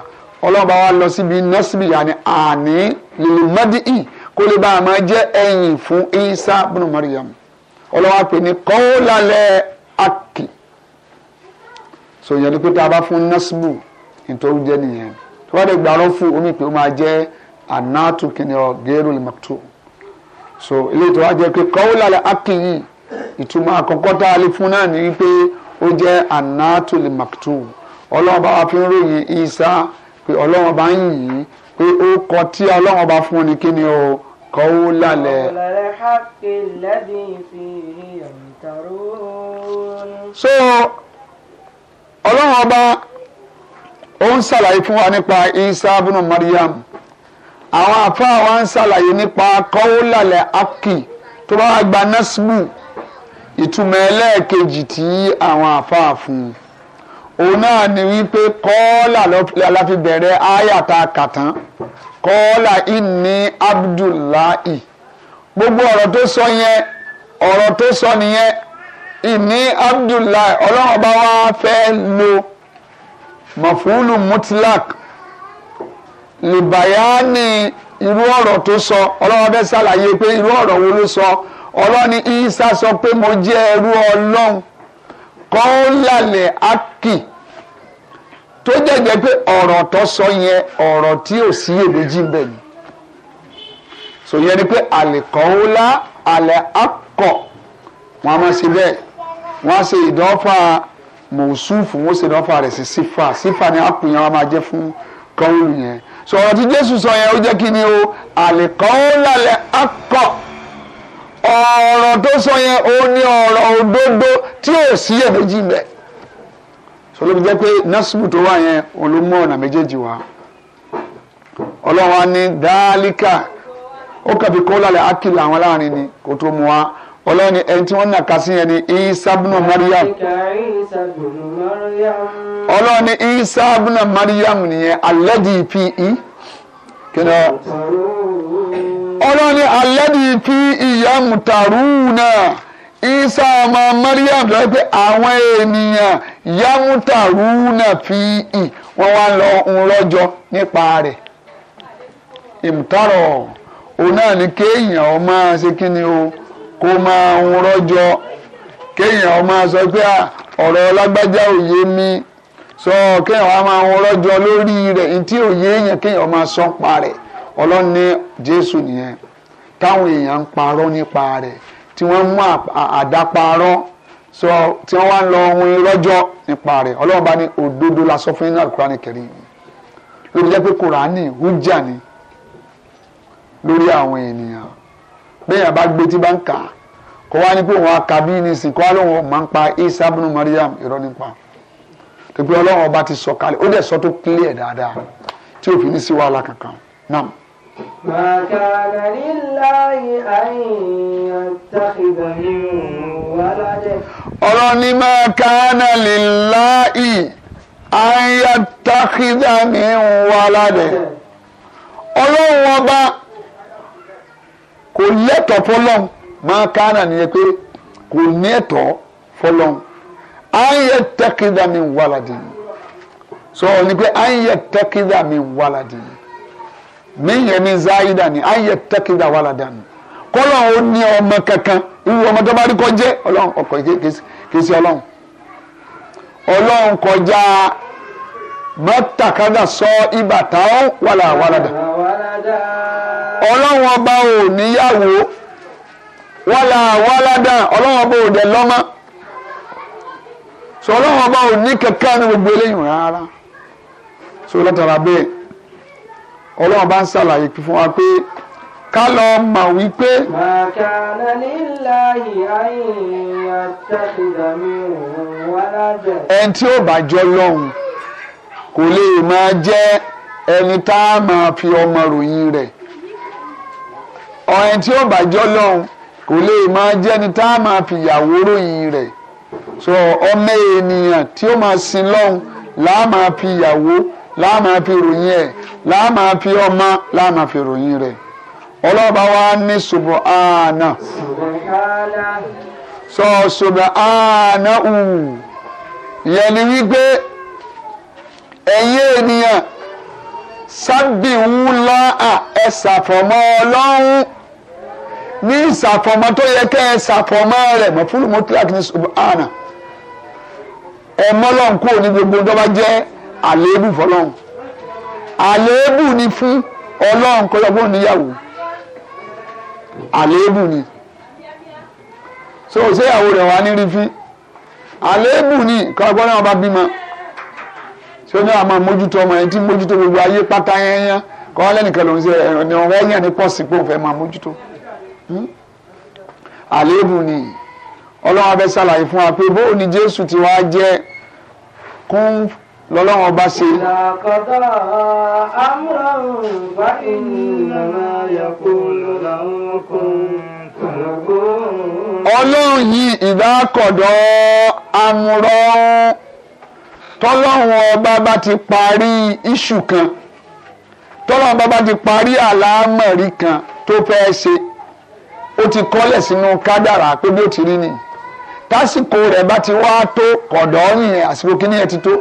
Speaker 2: ọlọ́ba wa lọ síbi nọ́síbì yàní àní lèlè mọ́dí ì kó lè bá a máa jẹ́ ẹ̀yìn fún Isa bùnú Mariam ọlọ́wà pè ní kọ́ńlálẹ̀ àkì so ìyẹn ni pé tá a bá fún násìbù nítorí jẹ́ nìyẹn tó bá dé gbàrọ́ fún omi pé ó máa jẹ́ anatu kìnìún gẹ́rù lẹ́mọ̀tò so ilé ìtura jẹ́ pé kọ́ńlálẹ̀ àkì yìí ìtumọ̀ àkọ́kọ́ tá a lè fún náà ni wípé ó jẹ́ anatu lẹ́mọ̀tò ọlọ́wọ́n bá wa fi ń ròyìn ìsá pé ọlọ́wọ́n bá ń yìn pé ó kọ tí ọlọ́wọ́n bá fún ni kí ni قولا قول
Speaker 1: الحق الذي فيه يمترون
Speaker 2: so ọlọ́run ọba ó ń ṣàlàyé fún wa nípa isa abúlé mariam àwọn àfáà wa ń ṣàlàyé nípa kọ́wólàlẹ̀ aki tó bá gba násìmù ìtumọ̀ ẹlẹ́ẹ̀kejì tí àwọn àfáà fún un òun náà ni wípé la bẹ̀rẹ̀ kọ́ọ́là ìní abdullahi gbogbo ọ̀rọ̀ tó sọ yẹn ọ̀rọ̀ tó sọ nìyẹn ìní abdullahi ọlọ́run bá wá fẹ́ lo mọ̀fúlù mutlak lìbàyánì irú ọ̀rọ̀ tó sọ ọlọ́run fẹ́ ṣàlàyé pé irú ọ̀rọ̀ wo ló sọ ọlọ́ni isa sọ pé mo jẹ́ ẹrú ọlọ́run kọ́ọ́là lè ákì tó jẹ́jẹ́ pé ọ̀rọ̀ tó sọ yẹn ọ̀rọ̀ tí ò sí èméjì bẹ̀ ni so yẹn ni pé àlìkọ́wọ́lá àlẹ́ akọ̀ wọn a máa ṣe bẹ́ẹ̀ wọn a ṣe ìdánfà mọ̀ọ́sùfù wọn ṣe ìdánfà rẹ̀ sí sífà sífà ni àpòyàn wọn máa jẹ́ fún kọ́wùlù yẹn so ọ̀rọ̀ tí Jésù sọ yẹn ó jẹ́ kí ni o àlìkọ́wọ́lá àlẹ́ akọ̀ ọ̀rọ̀ tó sọ yẹn ó ní ọ̀rọ̀ òdodo tí ò sí èméjì bẹ́ẹ̀ sọlọ́bi jẹ́ pé násùbù tó wà yẹn òun ló mú ọ̀nà méjèèjì wá ọlọ́wọ́n ní dáálíkà ó kàbí kó lálẹ́ ákìlà àwọn láàrin ni kò tó mu wá ọlọ́wọ́n ní ẹni tí wọ́n nàka sí yẹn ní isabuna mariam ọlọ́wọ́n ní isabuna mariam nìyẹn alẹ́dì pi kíni ọlọ́wọ́n ní alẹ́dì pi ìyá mùtàrú náà. isa ọmọ mariam lọ pé àwọn ènìyàn yamuta na fi ì wọn wá lọ nípa rẹ ìmùtárọ òun náà ni kéèyàn ọ máa ṣe kí ni o kó máa ń rọjọ kéèyàn ọ máa sọ pé ọrọ lágbájá òye mi sọ kéèyàn wá máa ń rọjọ lórí ntí òye èèyàn kéèyàn máa sọ ọlọ́ni jésù nìyẹn táwọn èèyàn ń tí wọ́n mú àdáparọ́ so tí wọ́n wá ń lọ ohun irọ́jọ́ nípa rẹ̀ ọlọ́run bá ní òdodo la sọ fún yín ní alukurani karim lórí jẹ́ pé kùránì hújà ni lórí àwọn ènìyàn bẹ́ẹ̀ bá gbé tí bá ń kà á kó wá ní pé òun akabí ní sìn kó wá lóun máa ń pa isa bunu mariam irọ́ nípa tó pé ọlọ́run ọba ti sọ kalẹ̀ ó dẹ̀ sọ tó clear dáadáa tí òfin ní sí wàhálà kankan náà.
Speaker 1: ما كان لله أن يتخذ من ولد
Speaker 2: ọlọ́ni máa kánà líláì àyà tákìdá mi ń wá ládẹ̀ ọlọ́run ọba kò lẹ́tọ̀ọ́ fọlọ́n máa kánà nìyẹn pé kò ní ẹ̀tọ́ fọlọ́n àyà tákìdá mi ń wá sọ ọ ni pé àyà tákìdá mi ń yìí míyẹn ní záyidà ni ayé da wala dan. kọ́lọ́ ò ní ọmọ kankan ìwé ọmọ tó bá rí kọjẹ́ ọlọ́run ọkọ̀ kìí sí ọlọ́run ọlọ́run kọjá mọ́tàkádà sọ ìbàtà ó wàlà wàlàdà ọlọ́run ọba ò níyàwó wàlà wàlàdà ọlọ́run ọba ò dẹ̀ lọ́mọ sọ ọlọ́run ọba ò ní kankan ní gbogbo eléyìí rárá sọ látara bẹ́ẹ̀ ọlọ́run bá ń ṣàlàyé fún wa pé ká lọ mọ̀ wípé.
Speaker 1: màkàna níláyì àyìn àtàkùdàmí wàlájà.
Speaker 2: ẹni tí ó bá jọ lọ́hùn kò lè máa jẹ́ ẹni tá a máa fi ọmọ ròyìn rẹ̀ ọ̀hìn tí ó bá jọ lọ́hùn kò lè máa jẹ́ ẹni tá a máa fi ìyàwó ròyìn rẹ̀ so ọmọ ènìyàn tí ó máa sin lọ́hùn làá máa fi ìyàwó ròyìn rẹ̀ láàmà fi ròyìn ẹ̀ láàmà fi ọmọ láàmà fi ròyìn rẹ̀ ọlọ́ba wa ní subhana sọ subhana ù ìyẹn ni wípé ẹ̀yin ènìyàn sábì ńlá ẹ ṣàfọ̀mọ́ ọlọ́run ní ìṣàfọ̀mọ́ tó yẹ kẹ́ ẹ ṣàfọ̀mọ́ rẹ̀ mọ̀ fúlùmọ́tìláàkì ní subhana ẹ̀ mọ́lọ́nkú ní gbogbo dọ́bà jẹ́ àléébù fọlọ́run àléébù ni fún ọlọ́run kó yọ fóun níyàwó àléébù ni so ṣéyàwó rẹ̀ wá ní rífí àléébù ni kọ́gbọ́n náà bá bímọ tí ó ní àwọn máa mójútó ọmọ yẹn tí mójútó gbogbo ayé pátá yẹn kọ́ lẹ́nìkan lòún ṣe ẹ̀rọ ni ọ̀rẹ́ yẹn ní pọ́sì pé òun fẹ́ máa mójútó hmm? àléébù ni ọlọ́run abẹ́ ṣàlàyé fún wa pé bóun ni Jésù ti wá jẹ́ kún lọ́lọ́run ọba ṣe.
Speaker 1: ìlàkọ̀tà amúràn bá ìnana yàgò lọ́la ọkùnrin.
Speaker 2: ọlọ́run yìí ìdákọ̀dọ̀ amúrọ̀ tọ́lọ́run ọba bá ti parí iṣu kan tọ́lọ́run ọba bá ti parí àlámọ̀rí kan tó fẹ́ ṣe ó ti kọ́lẹ̀ sínú kádàrá pé bí ó ti rí ni tásìkò rẹ̀ bá ti wá tó kọ̀dọ̀ yìnyín àsìkò kínní ẹ̀ ti tó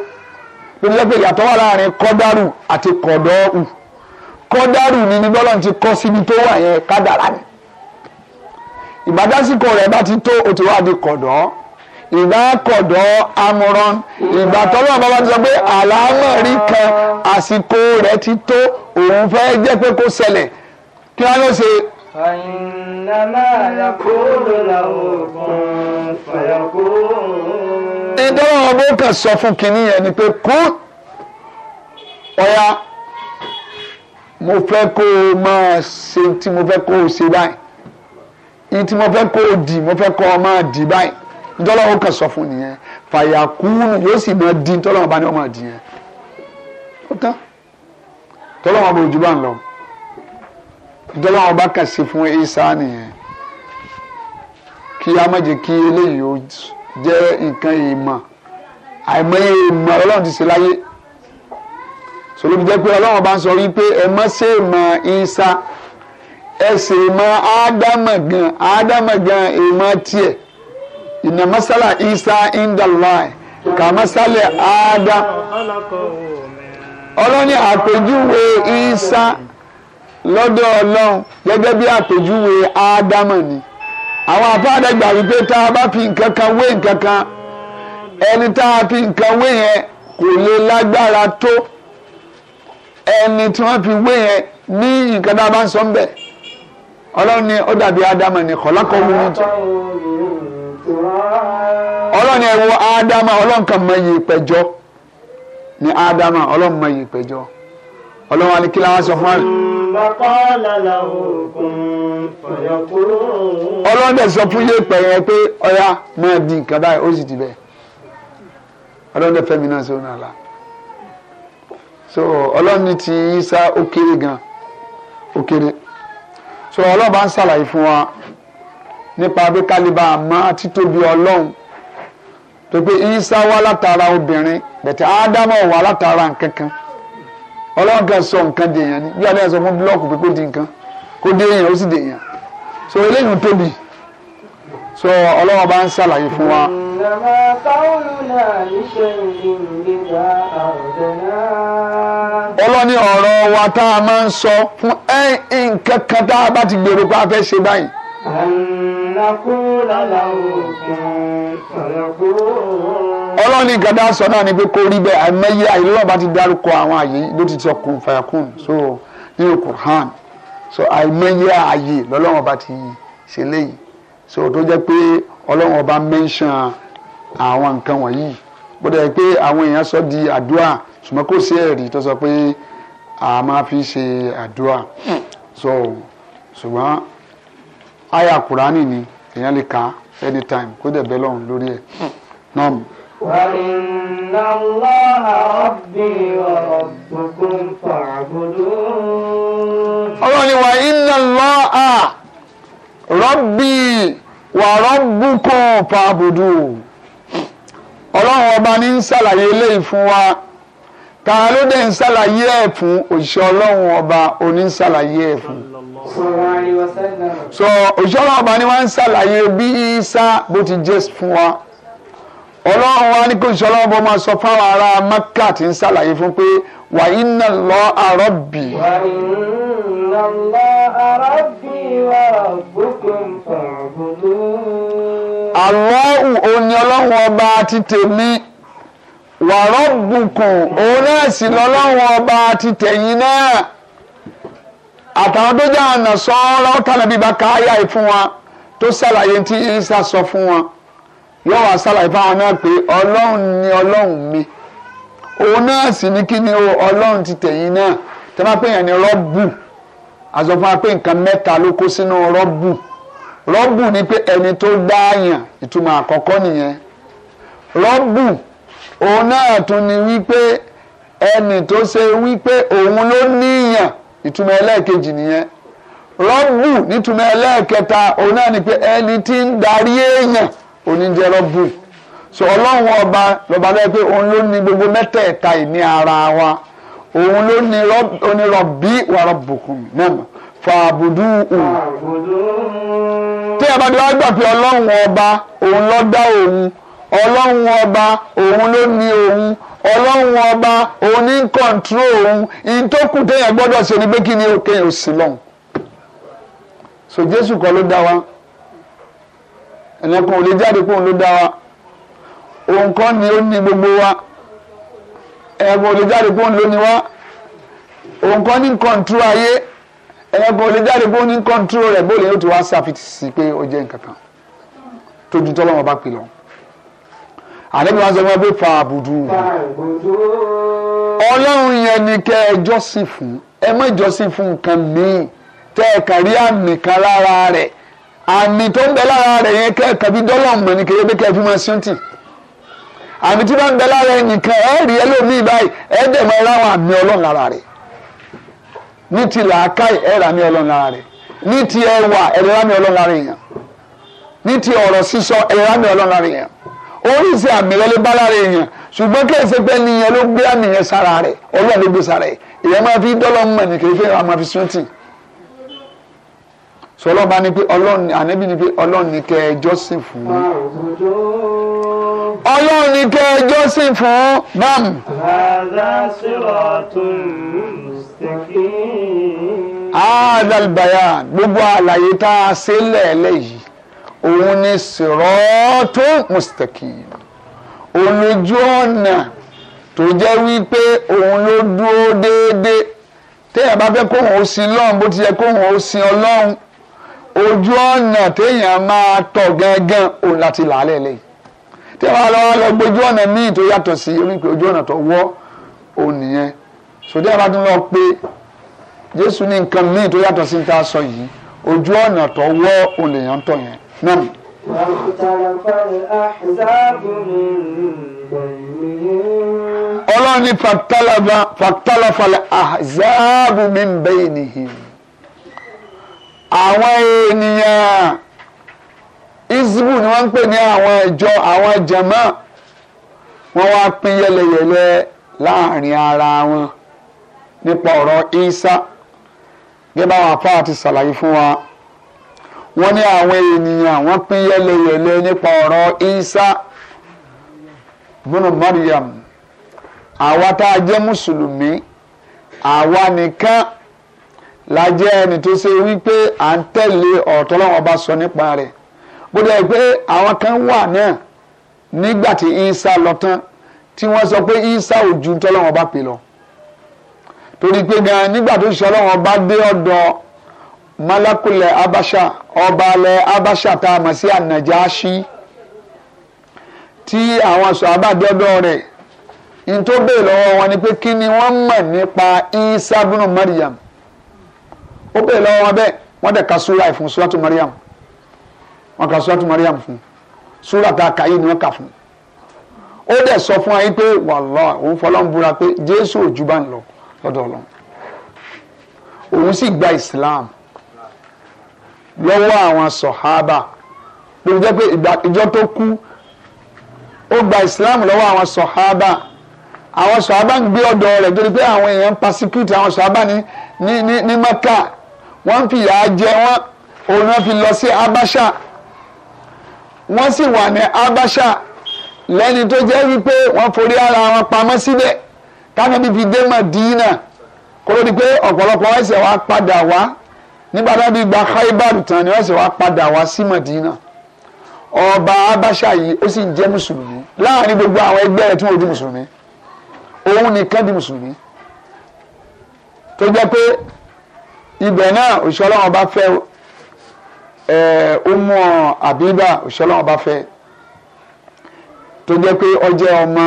Speaker 2: ló jẹ́ pé ìyàtọ̀ wà láàrin kọ́dárù àti kọ̀dọ́ọ̀hù kọ́dárù ni ní bọ́lá ti kọ́ síbi tó wà yẹn kádàrá ni ìbádásíkò rẹ̀ bá ti tó o ti wá di kọ̀dọ́ ìgbà kọ̀dọ̀ amúran ìgbà tọ́lọ́ bàbá ti sọ pé àlámọ̀rí kan àsìkò rẹ̀ ti tó òun fẹ́ jẹ́ pé kó ṣẹlẹ̀ kí wọ́n lọ ṣe.
Speaker 1: فإنما يقول له كن فيكون
Speaker 2: ìdánwò ọmọ kan sọ fún kinní yẹn ni pé kú ọ̀ya mo fẹ́ kó o máa ṣe tí mo fẹ́ kó o ṣe báyìí ní tí mo fẹ́ kó o dì mo fẹ́ kó o máa dì báyìí ìdánwò ọmọ kan sọ fún nìyẹn fàyàkúnù yóò sì máa di tọ́lọ́mọba ni wọ́n máa di yẹn ó tán tọ́lọ́mọba ojú bá ń lọ tọ́lọ́mọba kà sí fún Ìsá nìyẹn kí a má jẹ́ kí eléyìí ó jẹ́ nǹkan ìmọ̀ àìmọye ìmọ̀ ọlọ́run ti ṣe láyé sọlọ́bi jẹ́ pé ọlọ́run bá ń sọ wípé ẹ mọ́ ṣe mọ ìsa ẹ sì mọ ádámọ̀ gan ádámọ̀ gan ìmọ̀ tiẹ̀ ìnà mọ́sálà ìsa indalai kà mọ́sálẹ̀ ádá ọlọ́ni àpèjúwe ìsa lọ́dọ̀ ọlọ́run gẹ́gẹ́ bí àpèjúwe ádámọ̀ ni àwọn àfáàdẹ gbà wípé tá a bá fi nǹkan kan wé nǹkan kan ẹni tá a fi nǹkan wé yẹn kò lè lágbára tó ẹni tí wọ́n fi wé yẹn ní nǹkan tá a bá ń sọ ń bẹ̀ ọlọ́run ni ó dàbí ádámà ní kọ̀lákọ̀ wúni jù ọlọ́run ẹ wo ádámà ọlọ́run kan mọ iyì pẹ̀jọ́ ni ádámà ọlọ́run mọ iyì pẹ̀jọ́ ọlọ́run á ní kí láwọn sọ fún àná. ọlọ́run dẹ̀ sọ fún yéèpẹ̀ yẹn pé ọ̀yá máa di nǹkan báyìí ó sì ti bẹ́ẹ̀ ọlọ́run dẹ̀ fẹ́mi náà sọ́nà àlá so ọlọ́run ní ti Isa ó kéré gan ó kéré so ọlọ́run bá ń ṣàlàyé fún wa nípa pé kálíbà àmọ́ títóbi ọlọ́run tó pé Isa wá látara obìnrin bẹ̀tẹ̀ Ádámọ̀ wá látara nǹkan kan ọlọ́run kan sọ nǹkan di èèyàn ni bí abẹ́yẹn sọ fún búlọ́ọ̀kù pé di nǹkan kó di ó sì di so eléyìí ń tóbi so ọlọ́run bá ń ṣàlàyé fún wa.
Speaker 1: ìnáwó káwọn náà níṣẹ́ ìgbìmọ̀ ọlọ́ni ọ̀rọ̀
Speaker 2: wa tá a máa ń sọ fún ẹ́ nǹkan kan tá a bá ti gbèrò pé a fẹ́ ṣe báyìí.
Speaker 1: àǹnàkú làlàó kan
Speaker 2: àlàkó ọlọ́run ní nǹkan dáhùn sọ náà ni pé kó rí bẹ́ẹ̀ àìmọye àìlọ́ọ̀bá ti dárúkọ àwọn àyè ló ti sọ kun fàyàkùn so nínú Qur'an so àìmọye àyè lọ́lọ́run ọba ti ṣe léyìí so tó jẹ́ pé ọlọ́run ọba mẹ́ńṣán àwọn nǹkan wọ̀nyí bó dẹ̀ pé àwọn èèyàn sọ di àdúrà ṣùgbọ́n kò sí ẹ̀rí tó sọ pé a máa fi ṣe àdúrà so ṣùgbọ́n àyà Kùránì ni èèyàn lè kà anytime kó dẹ̀ bẹ́ lọ́run lórí ẹ̀ náà.
Speaker 1: وإن الله ربي وربكم فاعبدون ọlọ́ni وإن الله
Speaker 2: ربي وربكم فاعبدون ọlọ́run ọba ní ń ṣàlàyé eléyìí fún wa ta ló dé ń ṣàlàyé ẹ̀ fún òṣìṣẹ́ ọlọ́run ọba oní ń ṣàlàyé ẹ̀ fún.
Speaker 1: so òṣìṣẹ́ ọlọ́run ọba ni wọ́n ń ṣàlàyé
Speaker 2: bí isa bó ti jẹ́ fún wa ọlọ́run wa ní kò sí ọlọ́run bó máa sọ fáwọn ará maka tí ń ṣàlàyé fún pé wà iná lọ àrọ́bì.
Speaker 1: wà iná lọ àrọ́bì wà bùkún fàbùdù. àlọ́hùn
Speaker 2: òní ọlọ́run ọba ti tèmi wà rọ́bùkún òun náà sì lọ́lọ́run ọba ti tẹ̀yìn náà àtàwọn tó jẹ́ àná sọ́ọ́rọ́ tàbí bàkà áyà yìí fún wa tó ṣàlàyé tí Ìsá sọ fún wọn yóò wá sàlàyé fáwọn náà pé ọlọ́run ni ọlọ́run mi òun náà sì ní kí ni o ọlọ́run ti tẹ̀yìn náà tẹ́ bá pè yàn ní rọ́bù àzọ fún wa pé nǹkan mẹ́ta ló kó sínú rọ́bù rọ́bù ni pé ẹni tó dáàyàn ìtumọ̀ àkọ́kọ́ nìyẹn rọ́bù òun náà tún ni wípé ẹni tó ṣe wípé òun ló níyàn ìtumọ̀ ẹlẹ́ẹ̀kejì nìyẹn rọ́bù nítumọ̀ ẹlẹ́ẹ̀kẹta òun náà ni pé ẹni tí ń darí èèyàn oníjẹ́ rọ́bù so ọlọ́run ọba lọ́ba lọ́wọ́ pé òun ló ní gbogbo mẹ́tẹ̀ẹ̀ta ìní ara wa òun ló ní onírọ̀bí wà rọ̀bùkún náà fàbùdù ù.
Speaker 1: tí ẹ bá ti wá gbà pé
Speaker 2: ọlọ́run ọba òun ló dá òun ọlọ́run ọba òun ló ní òun ọlọ́run ọba òun ní kọ̀ǹtúrò òun ìyí tó kù téèyàn gbọ́dọ̀ ṣe ni pé kí ni òkè òsì lọ́hùn. so jésù kọ́ ló dá wa ẹnìkan ò lè jáde kóun ló dá wa òun kọ́ ni ó ní gbogbo wa ẹnìkan ò lè jáde kóun ló ní wa òun kọ́ ní kọ́ńtú ayé ẹnìkan ò lè jáde kóun ní kọ́ńtú rẹ̀ bóòlù yóò ti wá ṣàfitì sí pé ó jẹ́ nǹkan kan tójú tọ́lọ́wọ́n bá pè lọ́wọ́
Speaker 1: àlejò wa sọ fún pé fa
Speaker 2: àbùdù ọlọ́run yẹn ni kẹ́ ẹ jọ́sìn fún ẹ má jọ́sìn fún nǹkan míì tẹ́ ẹ kàn àmì kan lára rẹ̀ àmì tó ń bẹ lára rẹ̀ yẹn kẹ́ẹ̀kan bí dọ́là mọ̀ ní kéde kẹ́ẹ̀ fi máa sọ́ǹtì àmì tí wọ́n ń bẹ lára ẹnìkan ẹ̀ rí ẹlòmíì báyìí ẹ̀ dẹ̀ mọ́ ẹ̀rọ àwọn àmì ọlọ́run lára rẹ̀ ní ti làákàì ẹ̀rọ àmì ọlọ́run lára rẹ̀ ní ti ẹwà ẹ̀rọ àmì ọlọ́run lára èèyàn ní ti ọ̀rọ̀ sísọ ẹ̀rọ àmì ọlọ́run lára èèyàn oríṣi àmì rẹ ló bá lára èèyàn ṣùgbọ́n kí ẹsẹ̀ pé nìyẹn ló gbé àmì yẹn sára rẹ̀ ọlọ́run ló gbé sára rẹ̀ èèyàn máa fi dọ́lọ́ mọ̀ ní kéde sọlọ́ba ni pé ọlọ́run ni ànábì ni pé ọlọ́run ni kẹ́ ẹ jọ́sìn fún un. ọlọ́run ni kẹ́ ẹ jọ́sìn fún un bam.
Speaker 1: hadha siratun mustaqim.
Speaker 2: hadhal bayan gbogbo àlàyé tá a ṣe lẹ́ẹ̀lẹ́ yìí òun ni siratun mustaqim òun lójú ọ̀nà tó jẹ́ wípé òun ló dúró déédéé téèyàn bá fẹ́ kóhùn ó sin lọ́run bó ti yẹ kóhùn ó sin ọlọ́run ojú ọ̀nà téèyàn máa tọ̀ gángan òun láti làálẹ̀ lẹ́yìn tí wọ́n lọ lọ gbójú ọ̀nà míì tó yàtọ̀ sí onípe ojú ọ̀nà tó wọ́ òun nìyẹn sòdí àbá tó lọ pé Jésù ní nǹkan míì tó yàtọ̀ sí ní tá a sọ yìí ojú ọ̀nà tó wọ́ òun lèèyàn ń tọ̀ yẹn náà.
Speaker 1: ọlọ́run ní fatalafalẹ̀
Speaker 2: ahzaabu min baynihim. àwọn ènìyàn isbu ni wọ́n ń pè ní àwọn ìjọ àwọn jẹ̀mọ́ wọ́n wá pín yẹlẹyẹlẹ láàrin ara wọn nípa ọ̀rọ̀ Isa gẹ́gẹ́ báwọn afáà ti ṣàlàyé fún wa wọ́n ní àwọn ènìyàn wọ́n pín yẹlẹyẹlẹ nípa ọ̀rọ̀ Isa bùnú Mariam àwa tá a jẹ́ mùsùlùmí àwa nìkan la jẹ́ ẹni tó ṣe wípé à ń tẹ̀lé ọ̀tọ́ lọ́wọ́ bá sọ nípa rẹ̀ bó dẹ̀ pé àwọn kan wà náà nígbà tí Isa lọ tán tí wọ́n sọ pé Isa ò ju tọ́lọ́wọ́ bá pè lọ torí pé gan nígbà tó ṣe ọlọ́wọ́ bá dé ọ̀dọ̀ malakulẹ̀ abasha ọba alẹ̀ abasha tá a mọ̀ sí anajashi tí àwọn sọ abádọ́dọ́ rẹ̀ ní tó bèè lọ́wọ́ wọn ni pé kí ni wọ́n mọ̀ nípa Isa bínú Maryam ó bẹ̀rẹ̀ lọ́wọ́ wọn bẹ́ẹ̀ wọ́n dẹ̀ ka súra ẹ̀ fún súratu Mariam wọ́n ka súratu Mariam fún súra tá a kà yìí ni wọ́n kà fún ó dẹ̀ sọ fún ayé pé wàlláhì òun fọlọ́ ń búra pé Jésù òjú bá ń lọ lọ́dọ̀ Ọlọ́run òun sì gba Islam lọ́wọ́ àwọn sọ̀hábà lórí jẹ́ pé ìjọ tó kú ó gba Islam lọ́wọ́ àwọn sọ̀hábà àwọn sọ̀hábà ń gbé ọ̀dọ̀ rẹ̀ torí pé àwọn èèyàn ń àwọn sọ̀hábà ní ní ní Mẹ́kà wọ́n fi ìyà jẹ wọ́n òun náà fi lọ sí Abasha wọ́n sì wà ní Abasha lẹ́ni tó jẹ́ wípé wọ́n forí ara wọn pamọ́ síbẹ̀ kánábì fi dé Madina kó ló di pé ọ̀pọ̀lọpọ̀ ẹ̀sẹ̀ wa padà wá nígbà tó bí gba Khaibaru tán ni ẹ̀sẹ̀ wa padà wá sí Madina ọba Abasha yìí ó sì jẹ́ mùsùlùmí láàrin gbogbo àwọn ẹgbẹ́ rẹ̀ tí wọ́n di mùsùlùmí òun nìkan di mùsùlùmí tó jẹ́ pé ibẹ̀ náà òṣìṣẹ́ ọlọ́run bá fẹ́ ẹ̀ ọmọ àbíbà òṣìṣẹ́ ọlọ́run bá fẹ́ tó jẹ́ pé ó ọmọ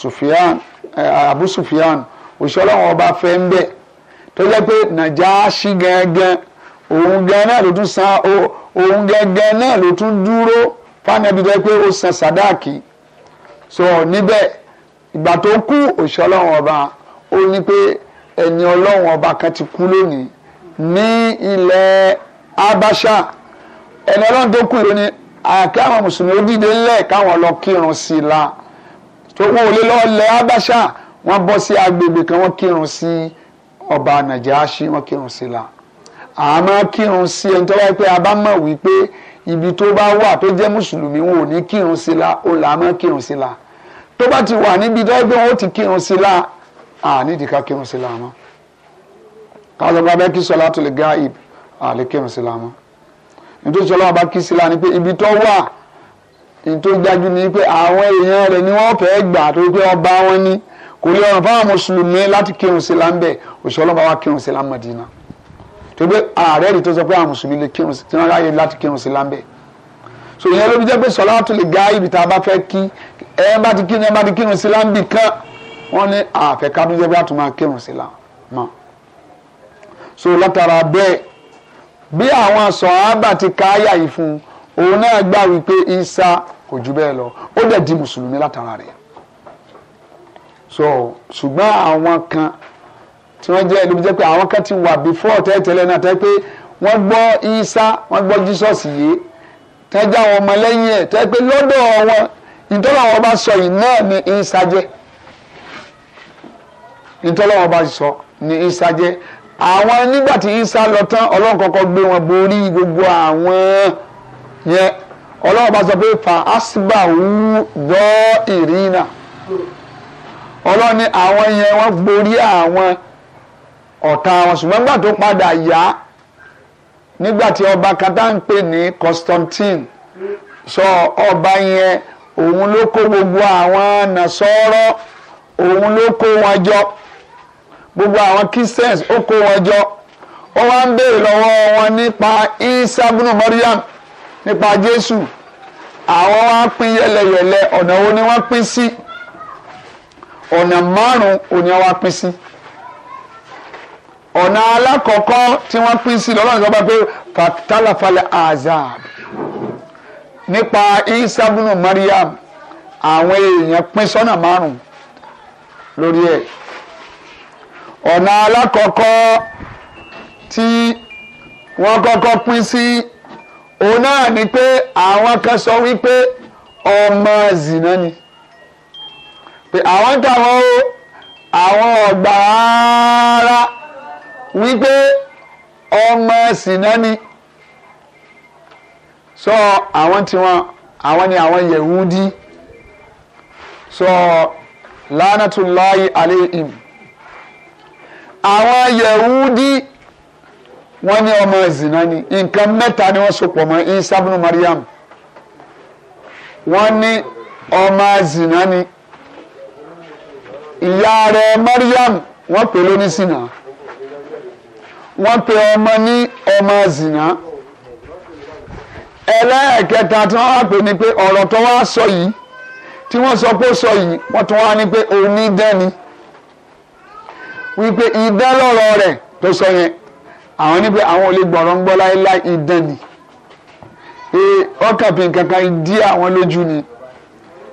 Speaker 2: Sufyan Abu Sufyan òṣìṣẹ́ ọlọ́run ọba fẹ́ ń bẹ̀ tó jẹ́ pé Nàjáṣì gẹ́gẹ́ òun gẹ́gẹ́ náà ló tún san òun gẹ́gẹ́ náà ló tún dúró fáwọn ẹbí tó jẹ́ pé ó san sàdáàkì sọ níbẹ̀ ìgbà tó kú òṣìṣẹ́ ọlọ́run ọba ó ní pé ẹni ọlọ́run ọba kan ti kú lónìí ní ilẹ̀ Abasha ẹni ọlọ́run tó kù lónìí àkè àwọn mùsùlùmí ó dìde ńlẹ̀ káwọn lọ kírun sí i la
Speaker 1: tó wọ́n ò lè lọ lẹ̀
Speaker 2: Abasha wọ́n bọ́ sí agbègbè kan wọ́n kírun sí ọba Nàjáṣí wọ́n kírun sí i la àmọ́ kírun sí ẹni tó wáyé pé a bá mọ̀ wípé ibi tó bá wà tó jẹ́ mùsùlùmí wọn ò ní kírun sí la ó là á mọ́ kírun sí la tó bá ti wà níbi tó ó ti kírun sí la ànídìí ká kírun sí la mọ́ káwọn sọ pé abẹ́ kí sọlá tó lè gá ìb àlè kírun sí la mọ́ la ni pé ibi tó wà nítorí dájú ni pé àwọn èèyàn rẹ̀ ni wọ́n fẹ́ gbà torí pé wọ́n bá wọn ní kò lè rọrùn fáwọn mùsùlùmí láti kírun sí la ń bẹ̀ òṣìṣẹ́ kírun sí la Mádínà torí ààrẹ rí tó sọ pé àwọn mùsùlùmí lè kírun sí tí wọ́n láti kírun sí la so ìyẹn ló fi jẹ́ pé sọlá tó lè gá ìbí tá a bá fẹ́ kí ẹ bá ti kírun ẹ bá ti kírun sí la kan wọ́n ní àfẹ́kábíyẹ́ bí a tún máa kírun sí la so látara bẹ́ẹ̀ bí àwọn sọ̀hábà ti ka àyà yìí fún òun náà gbà wípé Isa kò jù bẹ́ẹ̀ lọ ó dẹ̀ di mùsùlùmí látara rẹ̀ so ṣùgbọ́n àwọn kan tí wọ́n jẹ́ ẹni jẹ́ pé àwọn kan ti wà before tẹ́tẹ́lẹ̀ náà tẹ́ pé wọ́n gbọ́ Isa wọ́n gbọ́ Jesus yìí tẹ́jà àwọn ọmọlẹ́yìn ẹ̀ tẹ́ pé lọ́dọ̀ wọn ìtọ́láwọn bá sọ yìí náà ni Isa jẹ́ ìtọ́láwọn bá sọ ni Isa jẹ́ àwọn nígbà tí Isa lọ tán ọlọ́run kọ́kọ́ gbé wọn borí gbogbo àwọn yẹn ọlọ́run bá sọ pé fa asiba wú dọ́ ìrìnà ọlọ́run ní àwọn yẹn wọ́n borí àwọn ọ̀tá wọn ṣùgbọ́n nígbà tó padà yá nígbà ọba kata ń pè sọ ọba yẹn òun ló gbogbo àwọn òun ló kó gbogbo àwọn christians ó kó wọn jọ ó wá ń béèrè lọ́wọ́ wọn nípa isa bunu nípa Jésù àwọn wá pín yẹlẹyẹlẹ ọ̀nà wo ni wọ́n pín sí ọ̀nà márùn-ún òní wọ́n pín sí ọ̀nà alákọ̀ọ́kọ́ tí wọ́n pín sí lọ́lọ́run pé azab nípa àwọn èèyàn pín sọ́nà márùn-ún ọ̀nà alákọ̀ọ́kọ́ tí wọ́n kọ́kọ́ pín sí òun náà ni pé àwọn kan sọ wípé ọmọ zìnà ni pé àwọn táwọn ó àwọn ọ̀gbà ara wípé ọmọ zìnà ni sọ àwọn tiwọn àwọn ni àwọn yẹ̀wúdí sọ lánàtúláyé aléhìn. àwọn yẹ̀wúdí wọn ní ọmọ ìzìnà ni nǹkan mẹta ni wọn sopọ mọ Isa Mariam wọn ní ọmọ ìzìnà ni ìyá Mariam wọn pè lóní sínà wọn pe ọmọ ní ọmọ ìzìnà ẹlẹ́ẹ̀kẹta tí wọ́n wá pè ní pé sọ yìí tí sọ pé sọ yìí wọ́n tún wá wípé idán lọ́rọ̀ rẹ̀ tó sọ yẹn àwọn níbi àwọn ò lè gbọ̀rọ̀ ń gbọ́ láéláé idán ni pé ọkàpín kankan dí àwọn lójú ni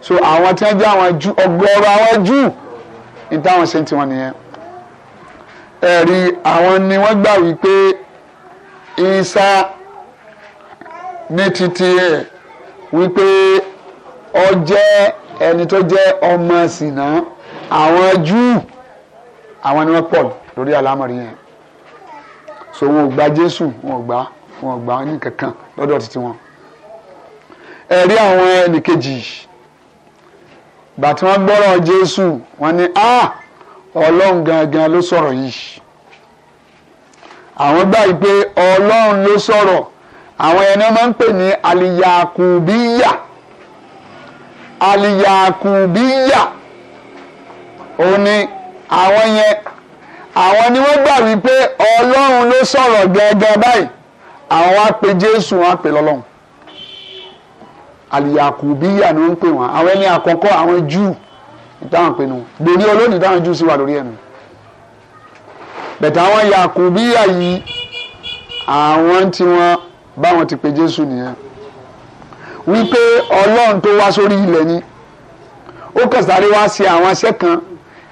Speaker 2: so àwọn tí wọ́n jẹ́ àwọn jù ọgọ́rọ̀ àwọn jù ìtàwọn ṣe tiwọn nìyẹn ẹ̀rí àwọn ni wọ́n gbà wípé ìsá ní titi ẹ̀ wípé ọ ẹni tó jẹ́ ọmọ sìnà àwọn júù àwọn ni wọ́n pọ̀ lórí àlámọ̀rí yẹn so wọn ò gba Jésù wọn ò gba wọn ò gba ní kankan lọ́dọ̀ títí wọn. ẹ̀rí àwọn ẹnìkejì bàtí wọ́n gbọ́rọ̀ Jésù wọ́n ní a Ọlọ́run gangan ló sọ̀rọ̀ yìí àwọn gbà pé Ọlọ́run ló sọ̀rọ̀ àwọn ẹni máa ń pè ní aliyakubiya aliyakubiya òun ni àwọn yẹn àwọn ni wọ́n gbà wípé ọlọ́run ló sọ̀rọ̀ gẹ́gẹ́ báyìí àwọn wá pe jésù wọn pe lọ́lọ́run àlìyàkùbíyà ni wọ́n ń pè wọ́n àwọn ẹni àkọ́kọ́ àwọn júù ìdáhùn pinnu lórí olónìí dáhùn júù sí wà lórí ẹnu bẹ̀tẹ̀ àwọn yàkùbíyà yìí àwọn tí wọ́n báwọn ti pe jésù nìyẹn wípé ọlọ́run tó wá sórí ilẹ̀ ni ó kàn wá ṣe àwọn iṣẹ́ kan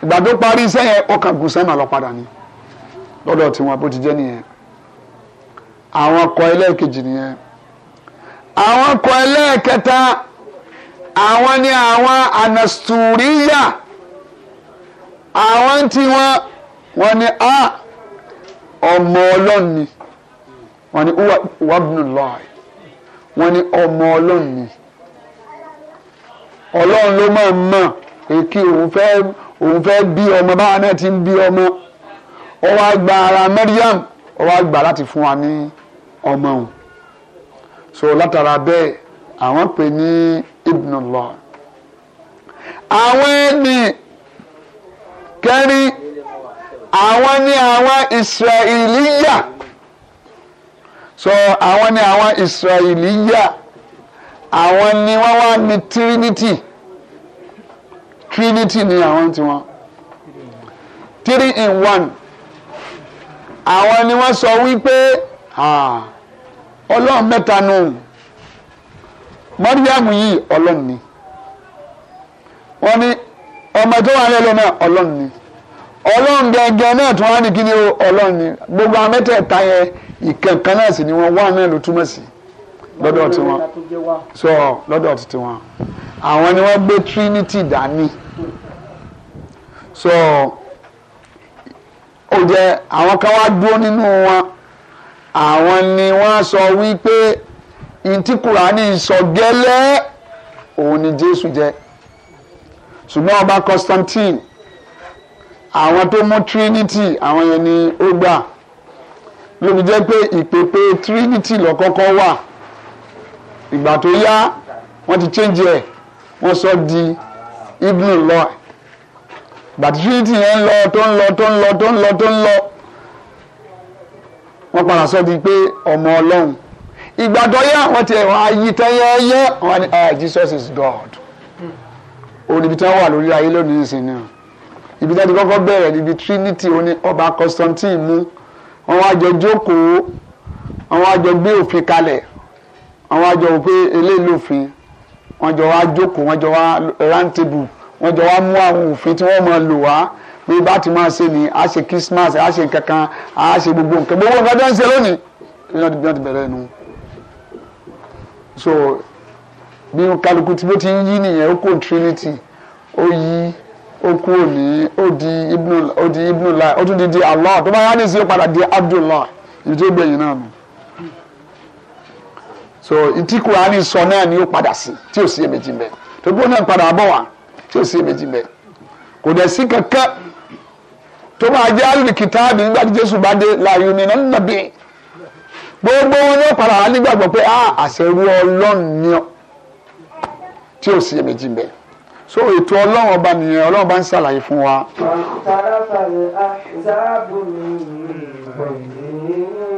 Speaker 2: ìgbà tó parí iṣẹ́ yẹn ó kàn gùn sẹ́mà lọ padà ni lọ́dọ̀ tiwọn bó ti jẹ́ nìyẹn àwọn kọ ẹlẹ́ẹ̀kejì nìyẹn àwọn kọ ẹlẹ́ẹ̀kẹta àwọn ni àwọn anasturiya àwọn tí wọn wọn ni a ọmọ ọlọ́run ni wọn ni wabnullah wọn ni ọmọ ọlọ́run ni ọlọ́run ló máa ń mọ̀ èkì òun fẹ́ẹ́ òun fẹ́ bí ọmọ báwa náà ti ń bí ọmọ ó wá gba ara Mariam ó wá gbà láti fún wa ní ọmọ òun so látara bẹ́ẹ̀ àwọn pè ní Ibnullah àwọn ẹni kẹrin àwọn ni àwọn Israeliya so àwọn ni àwọn Israeliya àwọn ni wọ́n wá ní Trinity trinity ni àwọn tiwọn three in one àwọn ni wọ́n sọ wípé ah, ọlọ́run mẹ́ta nù mọ́ríyàmù yìí ọlọ́run ni wọ́n ní ọmọ tó wà lẹ́lọ́ náà ọlọ́run ni ọlọ́run gẹ́gẹ́ náà tí wọ́n ní kí ọlọ́run ni gbogbo àwọn yẹn ìkẹ̀kẹ́ náà sì ni wọ́n wà náà ló túmọ̀ sí i
Speaker 1: lọ́dọ̀ tí wọ́n
Speaker 2: sọ lọ́dọ̀ tí wọ́n àwọn ni wọ́n gbé trinity dání so ó jẹ́ àwọn kan wá dúró nínú wọn àwọn ni wọ́n sọ wípé ntí kùránì sọ gẹ́lẹ́ òun ni jésù jẹ́ ṣùgbọ́n ọba Constantine àwọn tó mú trinity àwọn yẹn ni ó gbà ló fi jẹ́ pé ìpèpè trinity lọ́kọ́kọ́ wà ìgbà tó yá wọ́n ti change ẹ̀ wọ́n sọ di ibnu lọ bàtí trinity yẹn ń lọ tó ń lọ tó ń lọ tó ń lọ tó ń lọ wọ́n padà sọ di pé ọmọ ọlọ́run ìgbà tó yá wọ́n ti ẹ̀wọ̀n ayé tẹ́yẹ́yẹ́ wọ́n ní ah Jesus is God olùbí tí wọ́n wà lórí ayé lónìí nìsín náà ibi tí wọ́n ti kọ́kọ́ bẹ̀rẹ̀ níbi trinity oní ọba Constantine mú wọ́n wá jọ jókòó wọ́n wá jọ gbé òfin kalẹ̀ àwọn àjọ wò pé eléyìí lòfin wọ́n jọ wá jókòó wọ́n jọ wá round table wọ́n jọ wá mú àwọn òfin tí wọ́n máa lò wá bí bá ti máa ṣe ni a ṣe Christmas a ṣe kankan a ṣe gbogbo nǹkan gbogbo nǹkan tó ń ṣe lónìí bí wọ́n ti bẹ̀rẹ̀ nu so bí kálukú tí bó ti ń yí nìyẹn ó kó trinity ó yí ó kúrò ní ó di ibnu láì ó tún di di Allah tó bá yá ní sí padà di Abdullah ìdí tó náà nù so ntí kurani sọ náà ni ó padà sí tí ò sí èméjì mbẹ tó gbóná náà padà bọ̀ wá tí ò sí èméjì mbẹ kò dẹ̀ sí kankan tó máa jẹ́ àlùkí kìtáàbì nígbà tí jésù bá dé láàyò mi náà nàbí gbogbo wọn náà padà wá nígbàgbọ́ pé ah, àṣẹrú ọlọ́run ni ọ tí ò sí èméjì mbẹ so ètò ọlọ́run ọba nìyẹn ọlọ́run bá ń ṣàlàyé fún wa.
Speaker 1: ọ̀tàràfàlẹ̀ àzáàbù mi ìgbọ̀nyìn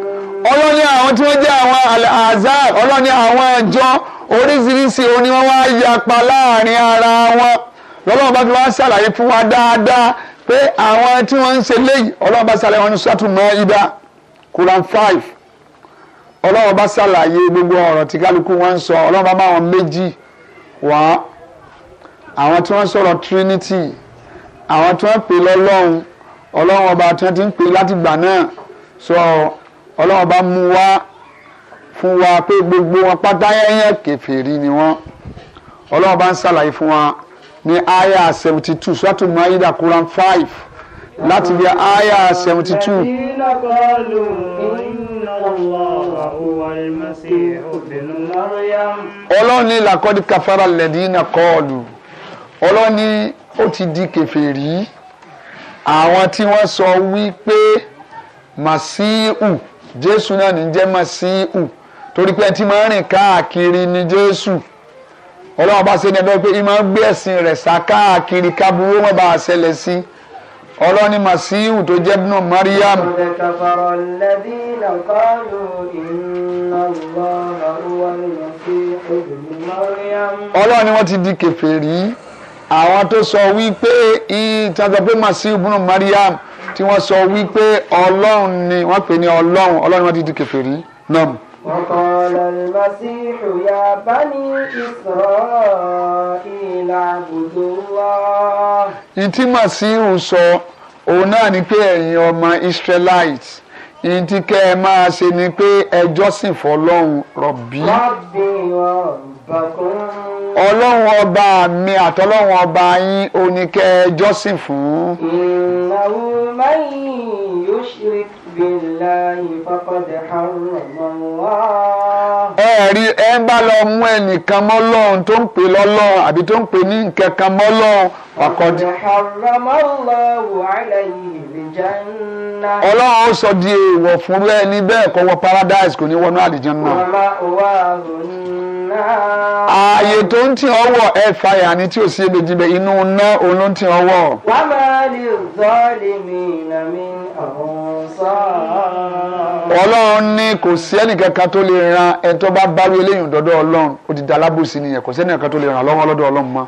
Speaker 1: ọlọ́ni àwọn tí wọ́n jẹ́ àwọn al-ahzab ọlọ́ni àwọn àjọ
Speaker 2: oríṣiríṣi oní wọn wá yapa láàrin ara wọn lọ́lọ́run bá fi wá ṣàlàyé fún wa dáadáa pé àwọn tí wọ́n ń ṣe léyìí ọlọ́run bá ṣàlàyé wọn ní sọ́tù Maida Quran five ọlọ́run bá ṣàlàyé gbogbo ọ̀rọ̀ tí kálukú wọn ń sọ ọlọ́run bá máa wọn méjì wá àwọn tí wọ́n sọ̀rọ̀ Trinity àwọn tí wọ́n pè lọ́lọ́run ọlọ́run ọba tí wọ́n ti ń pè látìgbà náà sọ ọlọ́run bá mú wá fún wa pé gbogbo wọn pátáyẹ́yẹ́ kèfèrí ni wọ́n ọlọ́run bá ń ṣàlàyé fún wa ní aya seventy two sọ́tù maida Quran five láti bí aya seventy two. ọlọ́run ní làkọ́dí kàfàrà lẹ́dínà kọ́ọ̀lù ọlọ́run ní ó ti di kèfèrí àwọn tí wọ́n sọ wípé màsíù jésù náà ní jẹ́ màsíhù torí pé ẹtí máa ń rìn káàkiri ní jésù ọlọ́run bá ṣe ní ẹgbẹ́ pé ìmọ̀ gbé ẹ̀sìn rẹ̀ sá káàkiri kábúrú wọn bá ṣẹlẹ̀ sí ọlọ́run ní màsíhù tó jẹ́ bínú mariam. ọlọ́run wọ́n ti di kèfèrí àwọn tó sọ wípé ìtàn pé màsíhù bínú mariam tí wọ́n sọ wípé ọlọ́run ni wọ́n pè ní ọlọ́run ọlọ́run wọn ti di kèfèrí náà.
Speaker 1: وقال المسيح يا بني إسرائيل اعبدوا الله.
Speaker 2: ìtí màsíhù sọ òun náà ni pé ẹ̀yin ọmọ israelite ìtí kẹ́ ẹ máa ṣe ni pé ẹ jọ́sìn fọlọ́run rọ̀bí.
Speaker 1: rọ̀bí wọ̀n ọlọ́run
Speaker 2: ọba mi àtọ́lọ́run ọba yín oníkẹ́ jọ́sìn fún.
Speaker 1: ìnáwó mẹ́yìn yóò ṣe بالله فقد حرم الله
Speaker 2: ẹ̀rí ẹ bá lọ mú ẹnìkan mọ́ lọ́hùn tó ń pè lọ́lọ́hùn àbí tó ń pè ní nǹkan kan mọ́ lọ́hùn ọ̀kọ́dí. ọlọ́run ó sọ di èèwọ̀ fún ẹni bẹ́ẹ̀ kọ́ wọ paradise kò ní wọnú àlìjànnà. ààyè tó ń tì ọ́ wọ̀ ẹ fàyà ni tí ò sí ebèjì bẹ́ẹ̀ inú ná òun ló ń tì ọ́ wọ̀. wàá
Speaker 1: máa ní zọ́ọ̀lì mi nàmí ọ̀hún sọ́ọ̀ ọlọ́run
Speaker 2: ní kò sí ẹnìkankan tó lè ran ẹni tó bá bá rí eléyìí dọ́dọ̀ ọlọ́run ó ti dalábòsí nìyẹn kò sí ẹnìkankan tó lè ràn lọ́wọ́ lọ́dọ̀ ọlọ́run mọ́.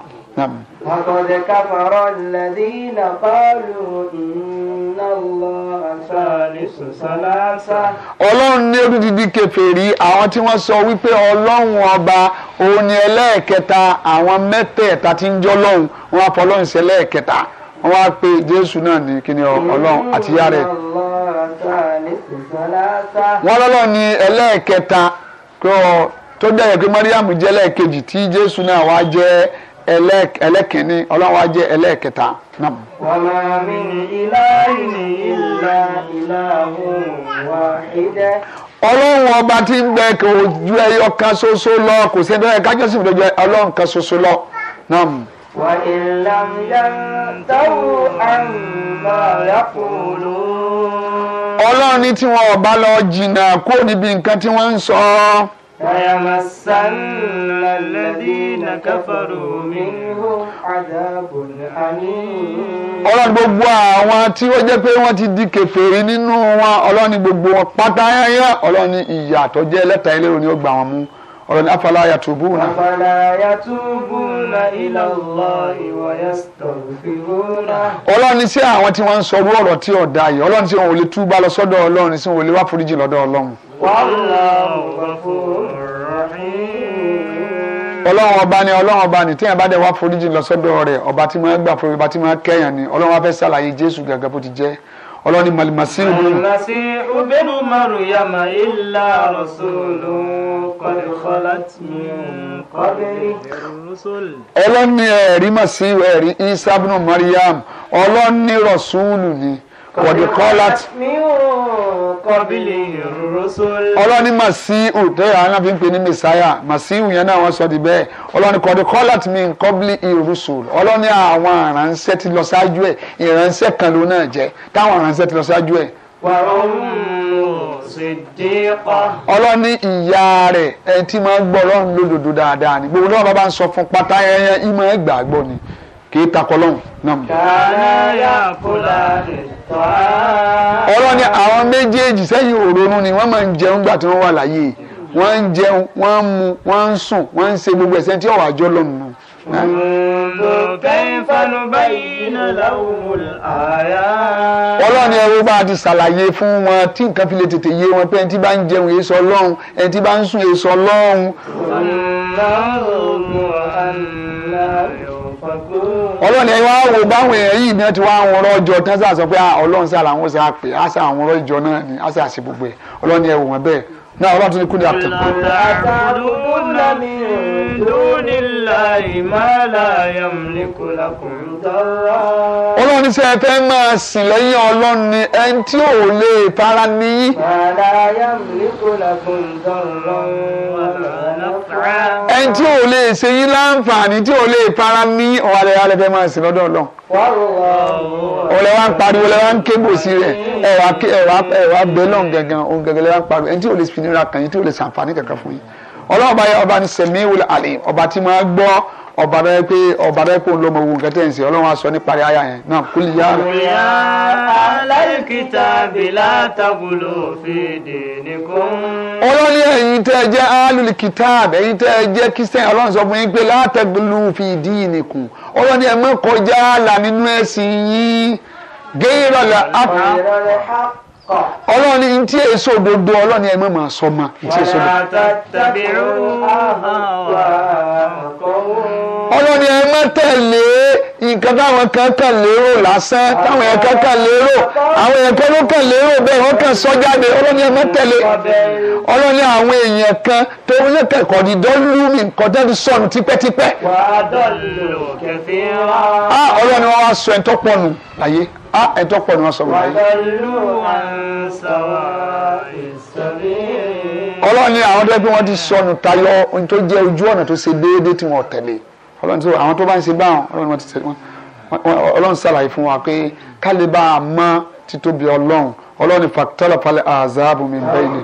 Speaker 1: وقد كفر الذين قالوا إن الله ثالث ثلاثة.
Speaker 2: ọlọ́run ní odidi kèfèrí àwọn tí wọ́n sọ wípé ọlọ́run ọba òun ni ẹlẹ́ẹ̀kẹta àwọn mẹ́tẹ̀ẹ̀ta tí ń jọ́ lọ́hùn wọn á fọlọ́run sí ẹlẹ́ẹ̀kẹta wọn á pe jésù náà ní kíni ọlọ́run àti yá rẹ̀ wọ́n lọ́lọ́ ni ẹlẹ́ẹ̀kẹta tó dẹ̀yẹ̀ pé Mariam jẹ́ ẹlẹ́ẹ̀kejì tí Jésù náà wá jẹ́ ẹlẹ́ẹ̀kẹ́ni ọlọ́run wá jẹ́ ẹlẹ́ẹ̀kẹta náà.
Speaker 1: wàmà mi ni ilá ìní ìlà ìlà wà ìdẹ́.
Speaker 2: ọlọ́run ọba tí ń bẹ kò ju ẹyọ kan ṣoṣo lọ kò sí ẹgbẹ́ kájọ́sìn ìdọ́jọ́ ọlọ́run kan ṣoṣo lọ
Speaker 1: وإن لم ينتهوا عما يقولون
Speaker 2: ọlọ́run ní tí wọn ò bá lọ jìnnà kó níbi nǹkan tí wọ́n ń sọ.
Speaker 1: فيمسن الذين كفروا عذاب أليم.
Speaker 2: gbogbo àwọn tí wọ́n jẹ́ pé wọ́n ti dìkè kèfèrí nínú wọn ọlọ́run gbogbo wọn pátá yányá ọlọ́run ọ̀rọ̀ ní afala yatubuna.
Speaker 1: afala yatubuna ila Allahi wa yastaghfiruna.
Speaker 2: ọlọ́run ní sí àwọn tí wọ́n ń sọrú ọ̀rọ̀ tí ò da yìí ọlọ́run tí wọn ò lè túbà lọ sọ́dọ̀ ọlọ́run sí wọn ò lè wá foríjì lọ́dọ̀ ọlọ́run.
Speaker 1: wallahu ghafurur rahim.
Speaker 2: ọlọ́run ọba ni ọlọ́run ọba ni téèyàn bá dẹ̀ wá foríjì lọ sọ́dọ̀ rẹ̀ ọba tí wọ́n gbà fún ọba tí wọ́n kẹ́yàn ni ọlọ́run wá fẹ́ sàlàyé Jésù gàgà ti jẹ́ ọlọ́ni malimasi ìlú. malimasi
Speaker 1: ubenu maruyama illa rasulu kọ́ni kọ́láti kọ́ni rusuli.
Speaker 2: ọlọ́ni ẹ̀rí masi ẹ̀rí isabunu mariam ọlọ́ni rasulu ni. قد قالت ọlọ́run ní masiu tẹ́lẹ̀ àwọn ẹ̀rọ fi ń pè ní messiah masiu yẹn náà wọ́n sọ di bẹ́ẹ̀ ọlọ́run ní kọ́dí kọ́lát mi nkọ́bílì irusul ọlọ́run ní àwọn aránsẹ́ ti lọ sáájú ẹ̀ ìránsẹ́ kan ló náà jẹ́ táwọn aránsẹ́ ti lọ sáájú
Speaker 1: ẹ̀. ọlọ́run
Speaker 2: ní ìyá rẹ̀ ẹ ti máa ń gbọ́ ọlọ́run lólodo dáadáa ni gbogbo náà bá bá ń sọ fún pátá ẹ̀yẹ ìmọ̀ ẹ̀ gbàgbọ́ ni. kì í takọ lọ́hùn náà mú.
Speaker 1: kànáyà kúlà lè tọ́ a. ọlọ́run
Speaker 2: ni àwọn méjèèjì sẹ́yìn òrónú ni wọ́n máa ń jẹun gbà tí wọ́n wà láyé wọ́n ń jẹun wọ́n ń mu wọ́n ń sùn wọ́n ń ṣe gbogbo ẹ̀sẹ̀ tí ọ̀wà àjọ lọ́nu nù.
Speaker 1: ọlọ́run ni ẹ̀rọ bá
Speaker 2: ti ṣàlàyé fún wọn tí nǹkan fi lè tètè yé wọn pé ẹni tí bá ń jẹun èé sọ ẹni tí bá ń sùn èé sọ
Speaker 1: lọ́hùn. ọlọ́run ọlọ́run ni wọ́n á wò báwọn èèyàn yìí náà ti wá àwọn ọ̀rọ̀
Speaker 2: ọjọ́ tán sà sọ pé ah, ọlọ́run sà làwọn sà pé á sà àwọn ọ̀rọ̀ ìjọ náà ni á sà sí gbogbo ẹ̀ ọlọ́run ni ẹ wò wọ́n bẹ́ẹ̀ náà ọlọ́run tún ní kúndé àtọ̀. ọlọ́run sẹ́ ẹ fẹ́ máa sìn lẹ́yìn ọlọ́run ni ẹni tí ò lè fara níyì.
Speaker 1: màlá yàm ní kó
Speaker 2: ẹni tí ò lè ṣe yín láǹfààní tí ò lè fara ní ọ̀hálẹ̀ alẹ́ fẹ́ máa sìn lọ́dọ̀ náà.
Speaker 1: ọ̀lẹ́ wa ń pariwo ọ̀lẹ́
Speaker 2: wa ń kébò sí rẹ̀ ẹ̀wà ẹ̀wà bẹ́lọ̀n gangan òun gangan lẹ́wà ń pariwo ẹni tí ò lè fi nira kàn yín tí ò lè ṣàǹfààní kankan fún yín. ọlọ́ọ̀bá yẹ ọba ní sẹ̀mí wọlé àlè ọba tí máa gbọ́ ọba dá yẹ pé ọba dá yẹ pé òun ló mọ gbogbo nǹkan tẹ̀ ń sè ọlọ́run á sọ nípa rẹ̀ àyà yẹn náà kú lè yá. àwòyá aláìkìtà
Speaker 1: bìlá tàbùlò fèdè nìkan.
Speaker 2: ọlọ́ni ẹ̀yin tẹ́ ẹ jẹ́ alùkìtà ẹ̀yin tẹ́ ẹ jẹ́ kristian ọlọ́run sọ fún yín pé látẹ̀gbìlù fìdí nìkan ọlọ́ni ẹ̀ mọ́ kọjá là nínú ẹ̀sìn yín géèrè là ápù ọlọ́ni ntí èso òdodo ọlọ́ni ẹ̀ mọ̀ máa sọ ma èso òdodo. wàhálà tàbí
Speaker 1: rú àwọn àwọn àkọ́wọ́ ọlọ́ni ẹ má tẹ̀lé
Speaker 2: nǹkan táwọn kan kàn lérò lásán táwọn yẹn kan kàn lérò àwọn yẹn kan ló kàn lérò bẹ́ẹ̀ wọ́n kàn sọ jáde ọlọ́ni ẹ má tẹ̀lé ọlọ́ni àwọn èèyàn kan tó ń lé kẹ̀kọ́ di dọ́lúmi nǹkan tẹ́bi sọnù tipẹ́tipẹ́. a ọlọ́ni wọn wá sọ ẹ̀ tó pọ̀ nù láyé a ah, ẹ̀ tó pọ̀ nù wọn sọ wọn láyé. ọlọ́ni àwọn tó yẹ kí wọ́n ti sọnù tayọ ohun tó jẹ́ ojú ọ̀nà tó ṣe déédéé tí wọ́n tẹ̀lé ọlọ́run tó àwọn tó bá ń ṣe báwọn ọlọ́run wọn ti ṣe wọn ọlọ́run ṣàlàyé fún wa pé ká lè bá a mọ títóbi ọlọ́run ọlọ́run fàtàlà falẹ̀ àzáàbù mi bẹ́ẹ̀ ni.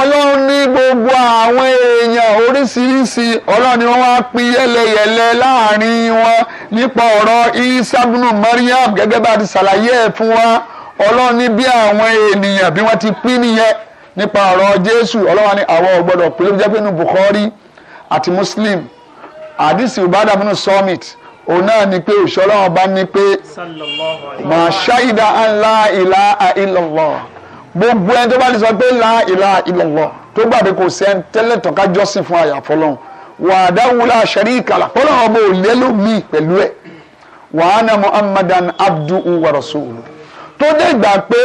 Speaker 2: ọlọ́run ní gbogbo àwọn èèyàn oríṣiríṣi ọlọ́run ni wọ́n wá pín yẹlẹyẹlẹ láàrin wọn nípa ọ̀rọ̀ isabunu Maryam gẹ́gẹ́ bá a ti ṣàlàyé ẹ̀ fún wa ọlọ́run ní bí àwọn ènìyàn bí wọ́n ti pín nìyẹn nípa ọ̀rọ̀ jésù ọlọ́wà ni àwọn ọ̀gbọ́dọ̀ pé ó jẹ́ pé inú bukhari àti muslim àdìsí ìbádà mínú summit òun náà ni pé òṣìṣẹ́ ọlọ́wọ́n bá ní pé
Speaker 1: mà ṣáìdá
Speaker 2: ńlá ìlà illallah gbogbo ẹni tó bá ti sọ pé ńlá ìlà illallah tó gbà pé kò sẹ́ni tẹ́lẹ̀ tọ́ka jọ́sìn fún àyàfọ́ lọ́hùn wàdà wúlá àṣẹrí ìkàlà fọlọ́wọ́n bò lélòmíì pẹ̀lú ẹ̀ wàhánà muhammadan abdu wa tó dé gbà pé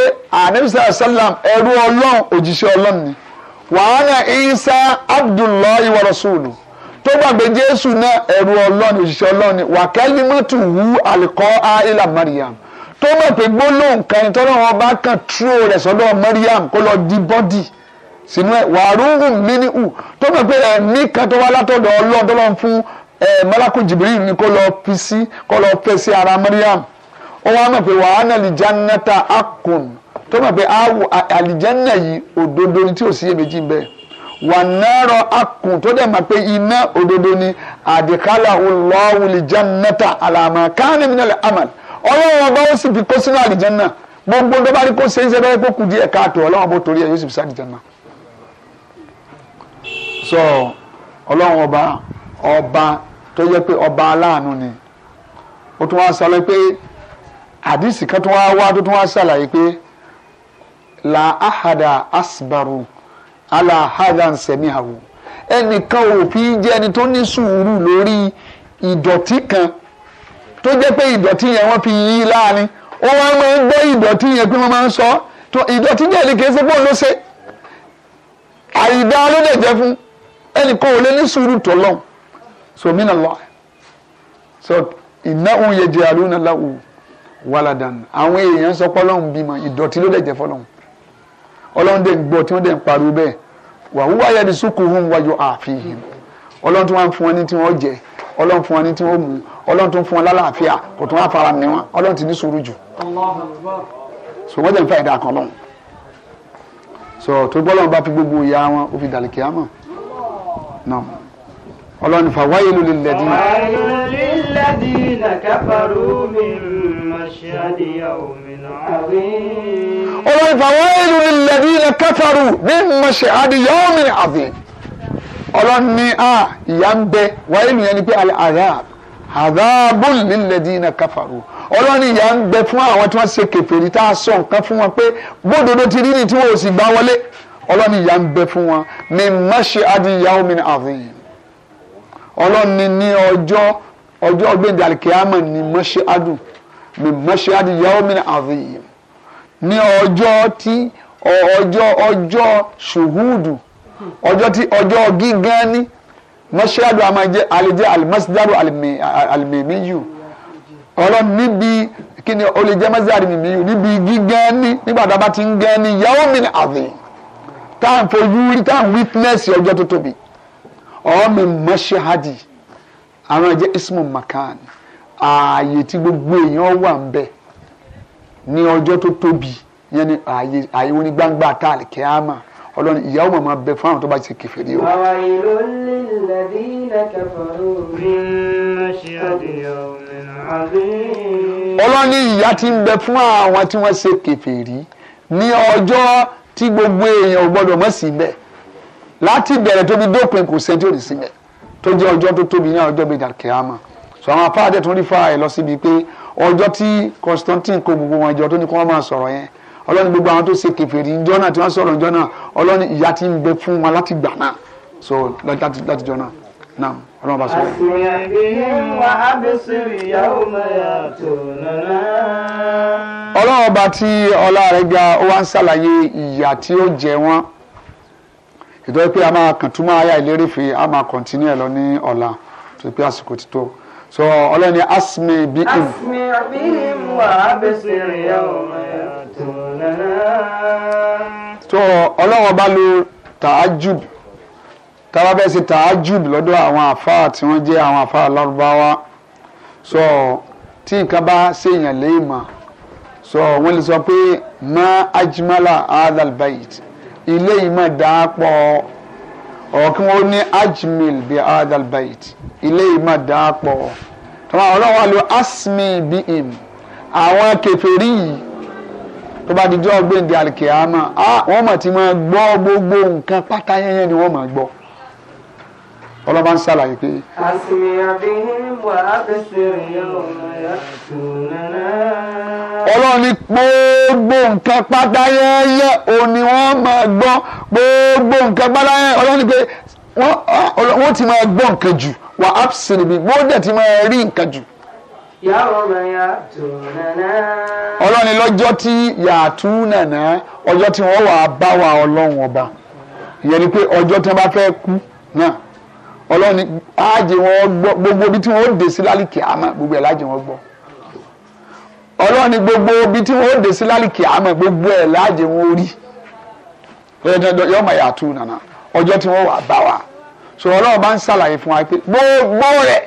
Speaker 2: anabisa salam ẹrú ọlọ́run òjíṣẹ́ ọlọ́run ni wàhánà isa abdullahi wa rasulu tó gbàgbé jésù náà ẹrú ọlọ́run òjíṣẹ́ ọlọ́run ni wàkẹ́lí mọ́tò wú àlùkọ́ àìlà mariam tó mọ̀ pé gbólóhùn kan tọ́lọ́ wọn bá kàn tró rẹ̀ sọ́dọ̀ mariam kó lọ di bọ́dì sínú ẹ̀ wàrúhù mínú tó mọ̀ pé ẹ̀mí kan tó wá látọ̀dọ̀ ọlọ́run tó lọ́n fún ẹ̀ eh, malakú jibril ni kó lọ fi sí kó lọ fẹ́ sí ara mariam ó wá mọ̀ pé wàá nà lìjánátà akùn tó mọ̀ pé àlìjánà yìí òdodo ni tí ò sí èméjì bẹ́ẹ̀ wà nárọ̀ akùn tó dẹ̀ mọ̀ pé iná òdodo ni àdìkálà Allahu lìjánátà àlàmà káàní mi nàlẹ̀ amal ọlọ́run ọba ó sì fi kó sínú àlìjánà gbogbo tó bá rí kó ṣeéṣe bẹ́ẹ̀ kó kù díẹ̀ káàtó ọlọ́run bó torí ẹ̀ yóò sì fi sí àlìjánà. sọ ọlọ́run ọba ọba tó yẹ pé ọba aláàánú ni ó tún wá sọ lọ pé àdìsí kan tó wá wá tó tó wá ṣàlàyé pé la ahada asbaru ala hadan sami'ahu ẹnìkan ò fi jẹ́ ẹni tó ní sùúrù lórí ìdọ̀tí kan tó jẹ́ pé ìdọ̀tí yẹn wọ́n fi yí láàrin ó wá máa ń gbọ́ ìdọ̀tí yẹn pé wọ́n máa ń sọ tó ìdọ̀tí jẹ́ ẹni kìí ṣe bóun ló ṣe àìdá ló lè jẹ́ fún ẹnìkan ò lè ní sùúrù tó lọ́hùn so mina Allah so innahu yaj'aluna lahu waladan àwọn èèyàn sọ pé ọlọ́run bímọ ìdọ̀tí ló dẹ̀ jẹ́ fọlọ́run ọlọ́run dẹ̀ ń gbọ́ tí wọ́n dẹ̀ ń pariwo bẹ́ẹ̀ wàhúwà yẹ ni sukuhum wáyọ àfihàn ọlọ́run tí wọ́n fún wọn ní tí wọ́n jẹ ọlọ́run fún wọn ní tí wọ́n mú ọlọ́run tó ń fún wọn lálàáfíà kò tó wọn fara ní wọn ọlọ́run ti ní sùúrù jù so wọ́n jẹ́ nípa ẹ̀dá kan lọ́hùn so tó gbọ́ lọ́run bá fi gbogbo ìyá wọn ó fi dàlẹ́ kíá mọ̀ náà ọlọ́run fà wáyé ló lè wáyé
Speaker 1: ló lè káfàrú mi rè ọlọ́run fàwọ́ìlú
Speaker 2: nílẹ̀bí ilẹ̀ kẹfàrú ní mọ̀ṣẹ́ àdìyàwó mi àbí ọlọ́run ní à ìyá ń bẹ wáìlú yẹn ni pé àdáàb àdáàbùn nílẹ̀bí ilẹ̀ kẹfàrú ọlọ́run ní ìyá ń bẹ fún àwọn tí wọ́n ṣe kèfèrí tá a sọ nǹkan fún wọn pé bódodo ti rí ni tí wọ́n ò sì gbá wọlé ọlọ́run ìyá ń bẹ fún wọn ní mọ̀ṣẹ́ àdìyàwó mi àbí ọlọ́run ní ọjọ́ ọjọ́ gbẹ̀dẹ̀ àlìkè mi mọ́ṣáàdì yaomin azim ní ọjọ́ tí ọjọ́ ọjọ́ ṣùhúdù ọjọ́ tí ọjọ́ gígan ní mọ́ṣáàdù a máa jẹ́ àlejò àlùmọ́ṣáàdù àlùmẹ̀míyù ọlọ́run níbi kí ni o lè jẹ́ mọ́ṣáàdù àlùmẹ̀míyù níbi gígan ní nígbà tá a bá ti ń gan ní yaomin azim tá à ń fojú rí tá à ń wítínẹ́sì ọjọ́ tó tóbi ọ̀ọ́ mi mọ́ṣáàdì ismu makan ààyè tí gbogbo èèyàn wà ń bẹ ní ọjọ́ tó tóbi yẹn ni ààyè ààyè oní gbangba tá a lè kẹ́ á mà ọlọ́run ìyàwó màmá bẹ fún àwọn tó bá ti kẹfẹ́ rí o. àwa
Speaker 1: ìlú lílẹ̀ bí ilẹ̀ kẹfọ́rọ́ mi ṣe àdìyàn òmìnira àbí. ọlọ́run ní
Speaker 2: ìyà tí ń bẹ fún àwọn tí wọ́n ṣe kẹfẹ́ rí ní ọjọ́ tí gbogbo èèyàn ò gbọ́dọ̀ mọ̀ sí bẹ́ẹ̀ láti bẹ̀rẹ̀ tóbi dópin kò sẹ́ńtì òní síbẹ̀ tó jẹ́ ọjọ́ tó tóbi ní ọjọ́ bíi dàkẹ́ àmọ́ so àwọn apá àti ẹ̀tún rí fa ẹ̀ lọ síbi pé ọjọ́ tí Constantine kó gbogbo wọn jọ tó ní kí wọ́n máa sọ̀rọ̀ yẹn ọlọ́ni gbogbo àwọn tó ṣe kèfèrí ìjọ náà tí wọ́n sọ̀rọ̀ ìjọ náà ọlọ́ni ìyá ti ń bẹ fún wọn láti gbà náà so láti jọ náà náà ọlọ́run bá sọ̀rọ̀. àṣìyàn ìhìn wà á bí sírí ìyàwó mẹ́yà
Speaker 1: tó nàná.
Speaker 2: ọlọ́run ọba tí ọlá rẹ̀ ga ó wá ń ṣàlàyé ìyà tí ó jẹ wọ́n ìtọ́jú pé a máa kàn túmọ̀ ayá ìlérí fi a máa kọ̀ntínú ẹ̀ lọ ní ọ̀la tó pé àsìkò ti tó so ọlọ́ni asmi bí im. asmi
Speaker 1: bí im wà á bẹ̀sẹ̀ ìyá ọmọ ẹ̀ tó nana.
Speaker 2: so ọlọ́wọ́ bá lo tahajud táwa bẹ́ẹ̀ ṣe tahajud lọ́dọ̀ àwọn àfáà tí wọ́n jẹ́ àwọn àfáà lárúbáwá so tí nǹkan bá ṣèyàn léèmọ̀ so wọ́n lè sọ pé ma ajmala adal bayit ilé yìí mà dáa pọ̀ ọ̀ kí wọ́n ní ajmil bi adal bayit ilé yìí máa dà á pọ̀ tọ́wọ́ ọlọ́wọ́ lo asmi bí im àwọn kèfèrí yìí tó bá di jọ́ gbèǹde àlìkèámà wọ́n mọ̀ tí máa gbọ́ gbogbo nǹkan pátá yẹn ni wọ́n máa gbọ́ ọlọ́ba ń ṣàlàyé pé. ọlọ́run ní gbogbo nǹkan pátá yẹ́yẹ́ òní wọ́n máa gbọ́ gbogbo nǹkan pátá yẹ́yẹ́ ọlọ́run ní pé wọ́n ti máa gbọ́ nǹkan jù wà á wọ́n dẹ̀ ti máa rí nǹkan jù. ọlọ́ni lọ́jọ́ tí yàtú nànà ọjọ́ tí wọ́n wà á bá wa ọlọ́run ọba ìyẹn ni pé ọjọ́ tí bá kú náà ọlọ́ni wọn gbọ́ gbogbo ibi tí wọ́n dé sí lálìkì gbogbo gbọ́ ọlọ́ni gbogbo tí wọ́n gbogbo ẹ̀ ọjọ́ tí wọ́n wà bá wa so ọlọ́run bá ń ṣàlàyé fún wa pé gbogbo rẹ̀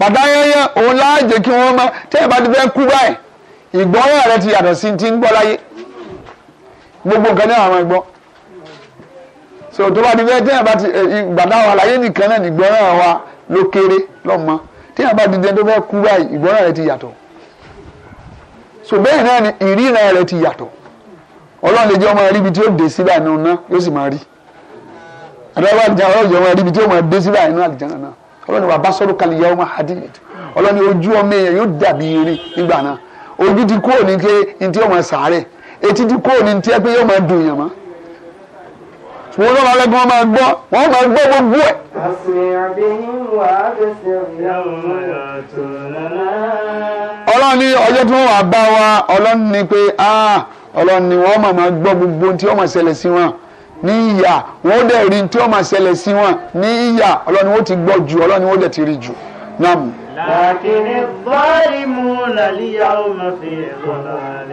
Speaker 2: pàdáyányán òun láàjẹ kí wọ́n máa tẹ́yìn bá ti fẹ́ kú báyìí ìgbọ́nrán rẹ ti yàtọ̀ sí ti ń gbọ́ láyé gbogbo nǹkan náà àwọn ìgbọ́n so tó bá ti fẹ́ tẹ́yìn bá ti eh, gbàdá wa láyé nìkan náà ìgbọ́nrán wa ló kéré lọ́mọ tẹ́yìn bá ti dẹ́ tó fẹ́ kú báyìí ìgbọ́nrán rẹ ti yàtọ̀ so bẹ́ẹ̀ náà ni ìríran rẹ ti yàtọ̀ ọlọ́run lè jẹ́ ọmọ rí ibi tí ó dé síbà nínú náà yóò sì máa rí àdáwà àlìjáná ọlọ́jọ́ wọn ríbi tí ó máa dé síbà inú àlìjáná náà ọlọ́ni wàá bá hadid ọlọ́ni ojú ọmọ èèyàn yóò dàbí irin nígbà náà ojú ti kúrò ní ké ní tí ó máa sàárẹ̀ etí ti kúrò ní tí ẹ yóò máa dùn
Speaker 1: mọ́ wọn lọ́wọ́ ma máa gbọ́ wọ́n máa gbọ́ gbogbo ẹ̀. ọjọ́
Speaker 2: tí wọ́n wà bá wa ni pé ah, wọ́n máa gbọ́ gbogbo tí máa ṣẹlẹ̀ sí ní ìyà wọn ó dẹ̀ rí tí ó máa ṣẹlẹ̀ sí wọn ní ìyà ọlọ́ni ó ti gbọ́ jù ọlọ́ni ó dẹ̀ ti rí jù náà mú.
Speaker 1: لكن الظالمون اليوم في ضلال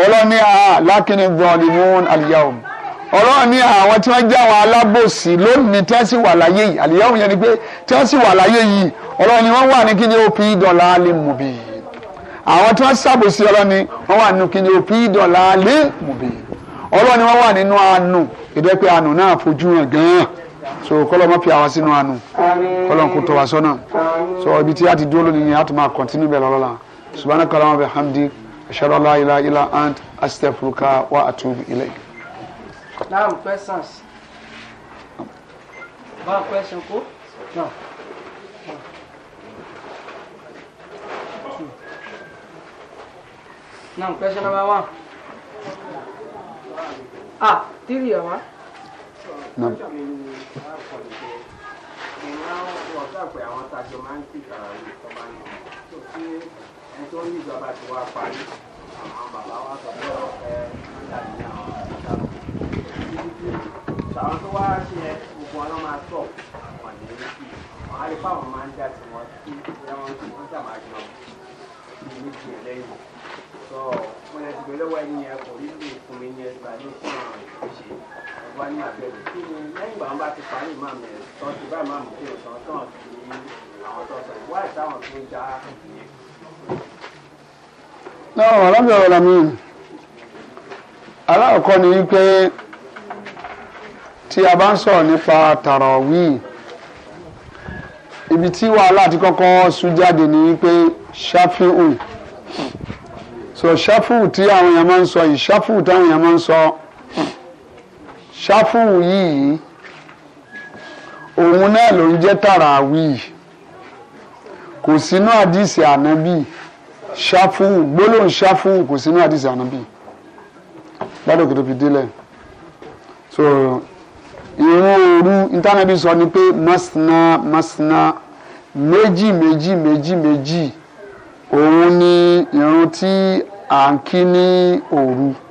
Speaker 2: ọlọ́ni àá lákìní zọ́ọ̀lìmún àlìyáwó ọlọ́ni àwọn tí wọ́n já wọn alábòsí lónìí tí wọ́n sì wà láyé yìí àlìyáwó yẹn ni pé tí wọ́n sì wà láyé yìí ọlọ́ni wọ́n wà ní kí ni ó fi dọ̀là alẹ́ mùbí yìí àwọn tí wọ́n ṣàbòsí ọlọ́ni wọ́n wà nínú kíni òfin ìdọ̀là alẹ́ mùbí ọlọ́ni wọ́n wà nínú àánú ìdẹ́pẹ́ àánú náà fojú hàn gan-an so kọ́lọ́ mọ́ fi àwọn sínú àánú kọ́lọ́ kò tọ́ wa sọ́nà so ibi tí a ti dúró lónìí yẹn a tún máa kọ́ntínú bẹ́ẹ̀ lọ́lọ́la subahana kalama bẹ hamdi ashadu ala ila ila ant astaghfiruka wa atubu ilayk.
Speaker 1: now questions. one question ko. No. no. Now, question number one. Ah, three or what? No. àwọn tó wá ṣe ẹ gbogbo ọ̀nà máa tọ̀ wọ̀n ní ìlú wọn á lè fáwọn máa ń dá tiwọn sí ẹran tí wọ́n dà máa jọ ní ìlú ìlẹ́yìn sọ mo yẹn ti gbẹlẹ́wọ̀ ẹni yẹn kò rí lè mi ní ẹgbàá ní ìṣẹ́ àwọn ìṣe ọba ní àbẹ̀rẹ̀ kí ni lẹ́yìn ìgbà wọn bá ti parí ìmọ̀ mi tán ti bá ìmọ̀ mi kí o tán tán sí àwọn tó sọ ìwá ìsáwọn tó já.
Speaker 2: náà ọ̀rọ̀bì ọ̀rọ̀ mi aláàkọ́ ni pé tí a bá ń sọ̀rọ̀ nípa tàràwíì ibi tí wàhálà ti kọ́kọ́ sún jáde ni pé ṣáfíhùn so shafu tí àwọn èèyàn máa ń sọ yìí ṣáfù táwọn èèyàn máa ń sọ ṣáfù yìí òun náà ló ń jẹ́ tàràwí kò sínú àdìsí ànábì ṣáfù gbólóhùn ṣáfù kò sínú àdìsí ànábì gbádùn kò tó fi délẹ̀ so ìrun òru ìtànàbí sọ ni pé masina masina méjì méjì
Speaker 1: méjì méjì òun ni ìrun tí à ń kí ní òru